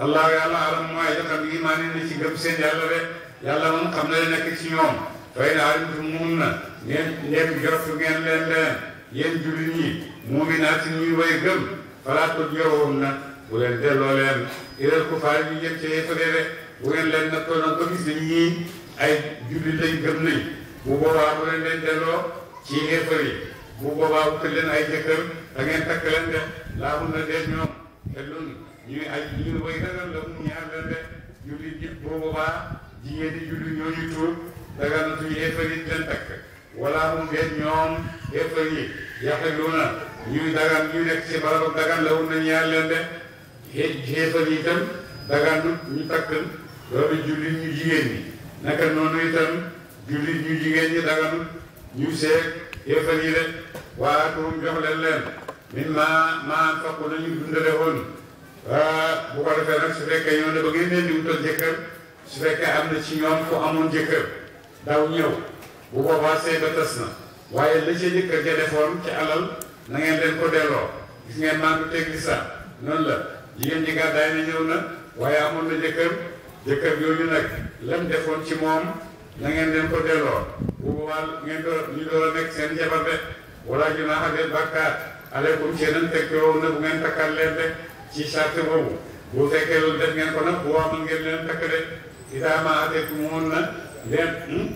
allah yàlla alam mooy joxam yi maa ne ci gëm seen yàlla rek yàlla moom xam na li nekk ci ñoom fay naa leen ko moom na ngeen ngeen jortu ngeen leen leen yéen jullit ñi muuminaat si ñuy way gëm falaat ko jowoon na bu leen delloo leen iral ko faar ñu jëm ca yéefare rek bu ngeen leen nag ko nag ba gis ñii ay jullit lañ gëm nañ bu boobaa bu leen leen delloo ci yéefar bu boobaa bu leen ay jëkkër da ngeen takk leen de laabul na dee ñoom te loolu ñu ay ñun way la mu ñaar leen de jullit yëpp boo boobaa jigéen di jullit ñooñu tuub dagal suñu yéefar yi leen takk wala mu dee ñoom yéefar yi yaxiluna ñuy dagan ñu nekk ci barab dagan la wun na ñaar leen de yéefar yi itam dagan ñu takk loolu jullit ñu jigéen ñi naka noonu itam jullit ñu jigéen ñi dagan ñu seeg yéefar yi de waa tuum jox leen leen min ma ma fokk la ñu dundale woon ah, bu ko defee nag su fekkee ñoom dafa ngeen leen di jëkkër su fekkee am na ci ñoom ku amoon jëkkër daw ñëw bu boobaa sëy ba tas na waaye la ca jëkkër ja defoon ci alal na ngeen leen ko delloo gis ngeen maa ngi teg sax noonu la jigéen ñi gàddaay na ñëw na waaye amoon na jëkkër jëkkër yooyu nag lam defoon ci moom na ngeen leen ko delloo bu boobaa ngeen door ñu door a nekk seen jabar de wala junaaxa de bàkkaar aleykum yéen teg yoon ne bu ngeen takkal leen de ci charte boobu bu fekkee loolu def ngeen ko nag bu waxoon ngeen leen takk de idaa maa aataytumuuhunna na leen hmm?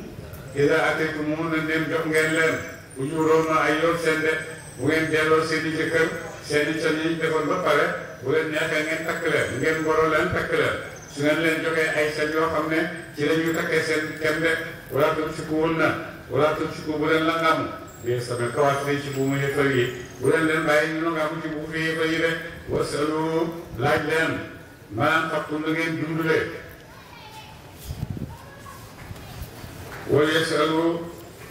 idaa aataytumuuhunna na ndéem jox ngeen leen ujuurahunna ay yoon seen de bu ngeen delloo seen i jëkkër seen i seen yi defoon ba pare bu leen neexee ngeen takk leen ngeen boroo leen takk leen su ngeen leen joxee ay seen yoo xam ne ci la ñuy takkee seen kenn de wala tumsikuhunna wala tumsiku bu leen la ngam mais sama kawaas yi ci buumu yéefar yi bu leen leen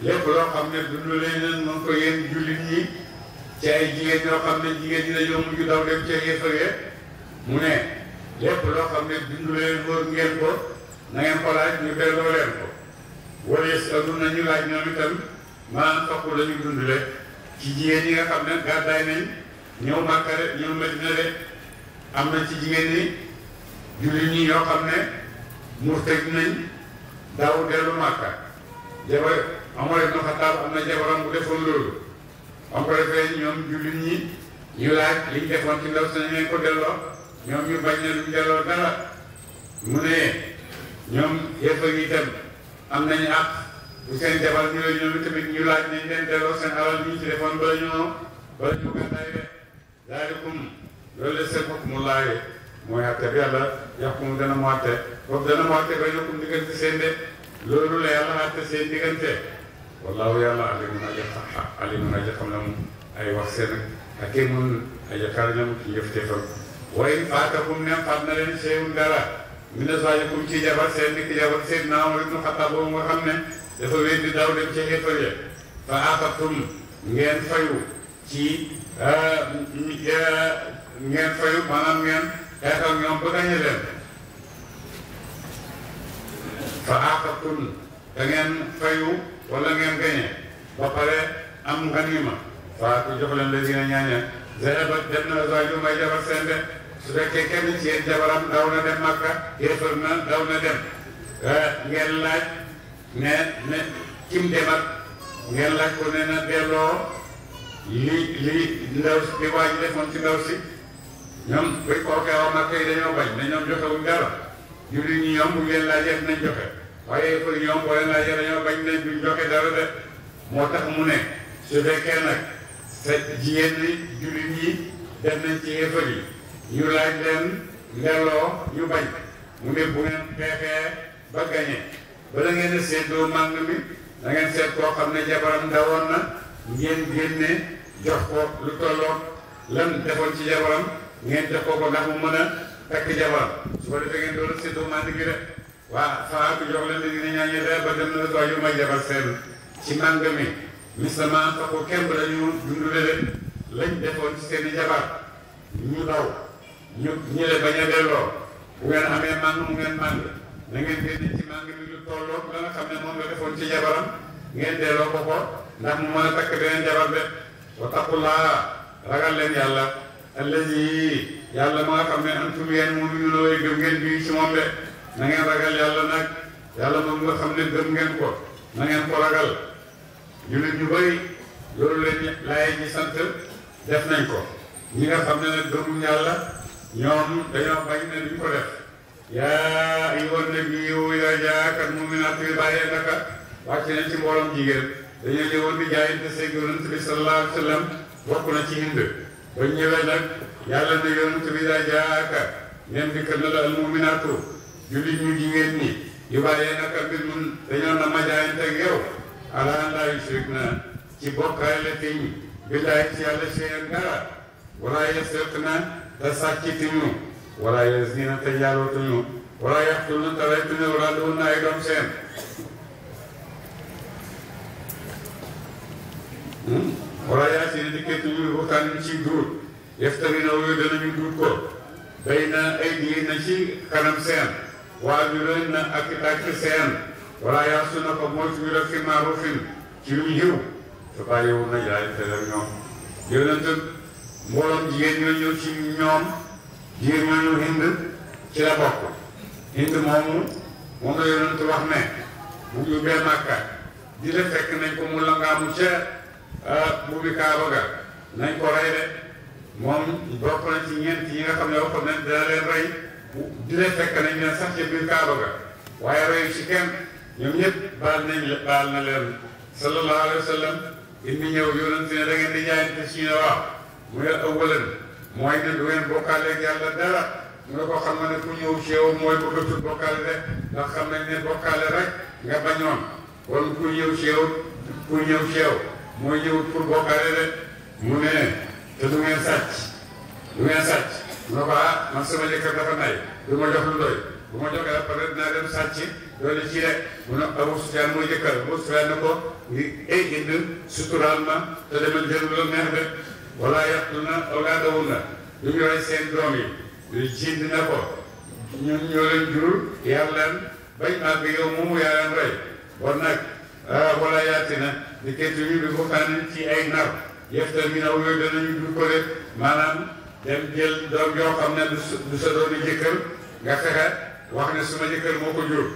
lépp loo xam ne dundule leen ko yéen jullit ñi ci jigéen ñoo xam ne jigéen ñi dañoo mujj daw dem ca yéefar mu ne lépp loo xam ne dundule leen wóor ko na ngeen ñu delloo leen ko wala yasalu nañu laaj ñoom itam maanaam topp la ñu rek ci jigéen ñi nga xam ne gàddaay nañ ñëw Màkka rek ñëw Medina rek am na ci jigéen ñi jullit ñi yoo xam ne murtad nañ daaw dellu Màkka jabar Omar ibn Xattaab am na jabaram bu defoon loolu am ko defee ñoom jullit ñi ñu laaj liñ defoon ci ndaw sañ ko delloo ñoom ñu bañ ne duñ delloo dara mu ne ñoom yëpp a ngi dem am nañu àq bu seen jabar ñu ne ñoom tamit ñu laaj nañ leen delloo seen alal ñu ci defoon bala ñoo bala ñu gàddaay de daalikum loolu de seen xokk mu laayee mooy àtte bi yàlla yàqum dana mu àtte foofu dana mu àtte bay nakum diggante seen de loolu la yàlla àtte seen diggante wallaahu yàlla alimun aji alimun aji xam la mu ay wax seen hakimun aji xarañam ci njëfteefam waaye faatakum ne faat na leen seyun dara min azwaajikum ci jabar seen dikk jabar seen naaw rek mu xataa boobu nga xam ne dafa wéy di daw dem ca xéefar ya fa aqabtum ngeen fayu ci euh, euh, ngeen fayu maanaam ngeen xeex ak ñoom ba gañe da ngeen fayu wala ngeen gañe ba pare am ganima fa ko jox leen léegi na ñaaña zahabat dem na zaaju may jabar seen de su fekkee kenn ci yéen jabaram daw na dem Makka yéefar na daw na dem euh, ngeen laaj ne ne kim demat ngeen laaj ko ne na delloo li li ndaw si li waa ji ci ndaw si ñoom buñ ko waxee waa Màkka yi dañoo bañ ne ñoom joxe wuñ dara jullit ñi ñoom buñ leen laajee nañ joxe waaye pour ñoom boo leen laajee dañoo bañ ne duñ moo tax mu ne su fekkee nag sa jigéen ñi jullit ñi ñu laaj leen delloo ñu bañ mu ne bu ngeen xeexee ba gañee bala ngeen di séddoo màng mi da ngeen seet koo xam ne na ngeen génne jox ko lu ci jabaram ngeen def ko ko ndax mu mën a takk jabaram su ko defee ngeen doon séddoo màng gi rek waa faatu jox leen di ba dem seen ci lañu dundule leen defoon ci seen jabar ñu daw ñu ñële bañ a delloo bu ngeen amee màng mu ngeen màng na ngeen ci màng mi tolloog la nga xam ne moom la defoon ci jabaram ngeen delloo ko ko ndax mu mën a takk beneen jabar de wa taqullaa ragal leen yàlla allazi yàlla ma nga xam ne antum yéen moom ñu la way ngeen bii ci moom de na ragal yàlla nag yàlla moom nga xam ne gëm ngeen ko na ko ragal jullit ñu bëri loolu leen laay ñi sant def nañ ko ñi nga xam ne nag yàlla ñoom dañoo bañ ne duñ ko def yaa ayyuhan nabiyyu yaa jaakal mu'minaatu yubaayi'naka wàcc na ci mbooloom jigéen dañoo ñëwoon di jaayante seeg yonent bi sallallahu alayhi wa sallam bokk na ci Hind ba ñëwee nag yàlla na yonent bi yaa jaaka ñeent dikkal na la al mu'minaatu jullit ñu jigéen ñi yubaayi'naka mbir mun dañoo na ma jaayante ak yow alaa laa yushrikna ci bokkaale te ñu billaahi ci yàlla seen dara wala yasriqna te sàcc te ñu wala yasina te jaalootuñu wala yaxtuna te reytuñu wala doon na ay doom seen wala yasina dikkeetuñu waxtaan bi ci duut yeftari na wuyu danañu duut ko bay na ay diir na ci kanam seen waajuleen na ak tàkk seen wala yasuna ko mooy fi def fi maarufin ci jigéen ñooñu hind ci la bokk hind moomu moom la yonent wax ne bu ñu bee màkka di fekk nañ ko mu langaamu ca ah, bu bi kaaba ga nañ ko rey de moom bokk na ci ñeent yi nga xam ne waxoon nañ dina leen rey di fekk nañ leen sax ca biir kaaba ga waaye reyu ci kenn ñoom ñëpp baal nañ baal na leen sallallahu alayhi wa indi ñëw yonent ne da ngeen di ci ne waaw mu ne awalan mooy ne du ngeen bokkaaleeg yàlla dara mu ne ko xam nga ne ku ñëw ci yow mooy bëgg a tudd bokkaale rek ndax xam nañ ne bokkaale rek nga bañoon kon ku ñëw ci ku ñëw ci mooy ñëw pour bokkaale rek mu ne te du ngeen sàcc du ngeen sàcc mu ne ko ah man sama jëkkër dafa nay du ma jox lu doy bu ma joxee après dinaa dem sàcc doole ci rek mu ne Abu Sufyaan mooy jëkkër Abu suturaal ma te demal jël lu neex rek wala yaqtulna awlaadahunna du ñu rey seen doom yi jind na ko ñun ñoo leen jur yàlla bañ màgg yow moomu yaa leen rey bon nag ah, wala yaatina di kettu ñu bi fukkaan ci ay nar yeftal mi naw yoo xam ne du sa doomi jëkkër nga fexe wax ne suma jëkkër moo ko jur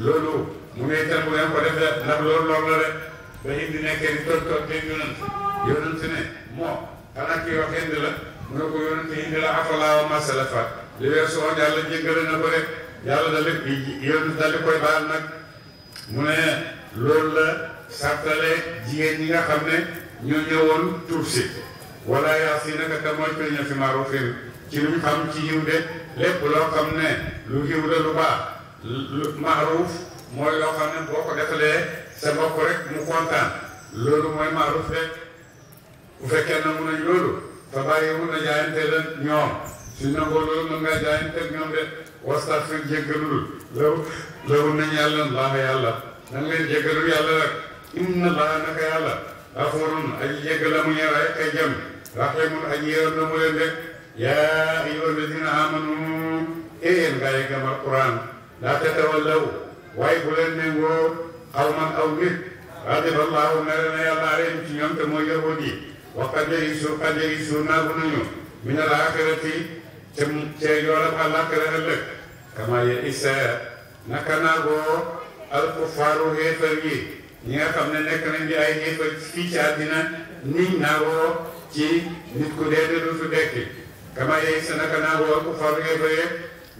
loolu mu ne itam bu ko defee ndax loolu loolu la rek ba indi nekkee di toog toog te yonent ne moo xanaa kii wax indi la mu ne ko yonente indi la afalaawa masalafa li weesu woon yàlla jéggale na ko rek yàlla da lépp yonente dali koy baal nag mu ne loolu la sartale jigéen ñi nga xam ne ñoo ñëwoon tuub si wala yaa si naka te mooy pël ña fi maarufin ci luñ xam ci yiw de lépp loo xam ne lu yiw la lu baax lu maaruuf mooy loo xam ne boo ko defalee sa bopp rek mu kontaan loolu mooy maaruuf de bu fekkee nangu nañ loolu te bàyyiwul na jaayante la ñoom suñ nangoo loolu mën ngaa jaayante ñoom de wastaxfir jéggalul law law nañ yàlla laaxa yàlla nan leen jéggalul yàlla rek inna laaxa naka yàlla afurun aji jéggal la mu ñëw ay ay jëm raximun aji yërëm na mu leen de yaa ayyuha alladina amanu ee yéen gaa yi gëm alquran laa tatawallaw waaye bu leen nengoo xawman aw nit radiyallahu mere na yàlla alayhim ci ñoom te mooy yahuud yi wax qadari su qadari su naagu nañu min al axirati ca ca yoolam àllaaxira ëllëg kama ya isa naka naagoo al kuffaaru xéefar yi ñi nga xam ne nekk nañ di ay xéefar fii ci àddina niñ ci nit ku dee de du dekki kama ya isa naka naagoo al kuffaaru xéefar yëpp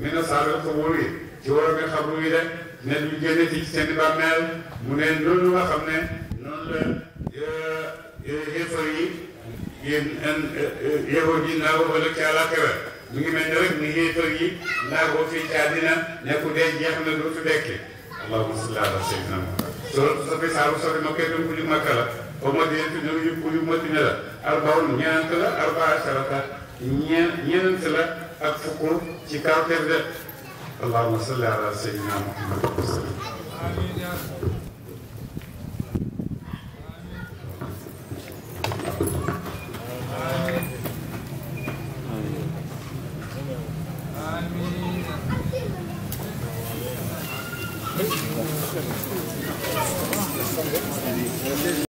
min asaabil xubur yi ci woromi xabru yi de ne ñu génnati ci seen bàmmeel mu ne loolu nga xam ne noonu la yéefar yi yéen yahood yi naago ëllëg ca àllaaxira mi ngi mel ni rek ni yéefar yi naago fii ci àddina ne ku dee jeex na dootu dekki allahumma salli ala sayyidina Muhammad soo sobi saaru sobi ma koy dum kuli makka la ba ma dee tu ñëw yu kuli madina la arbaun ñeent la arba asharata ñeen ñeent la ak fukk ci quartier de allahumma salli ala sayyidina Muhammad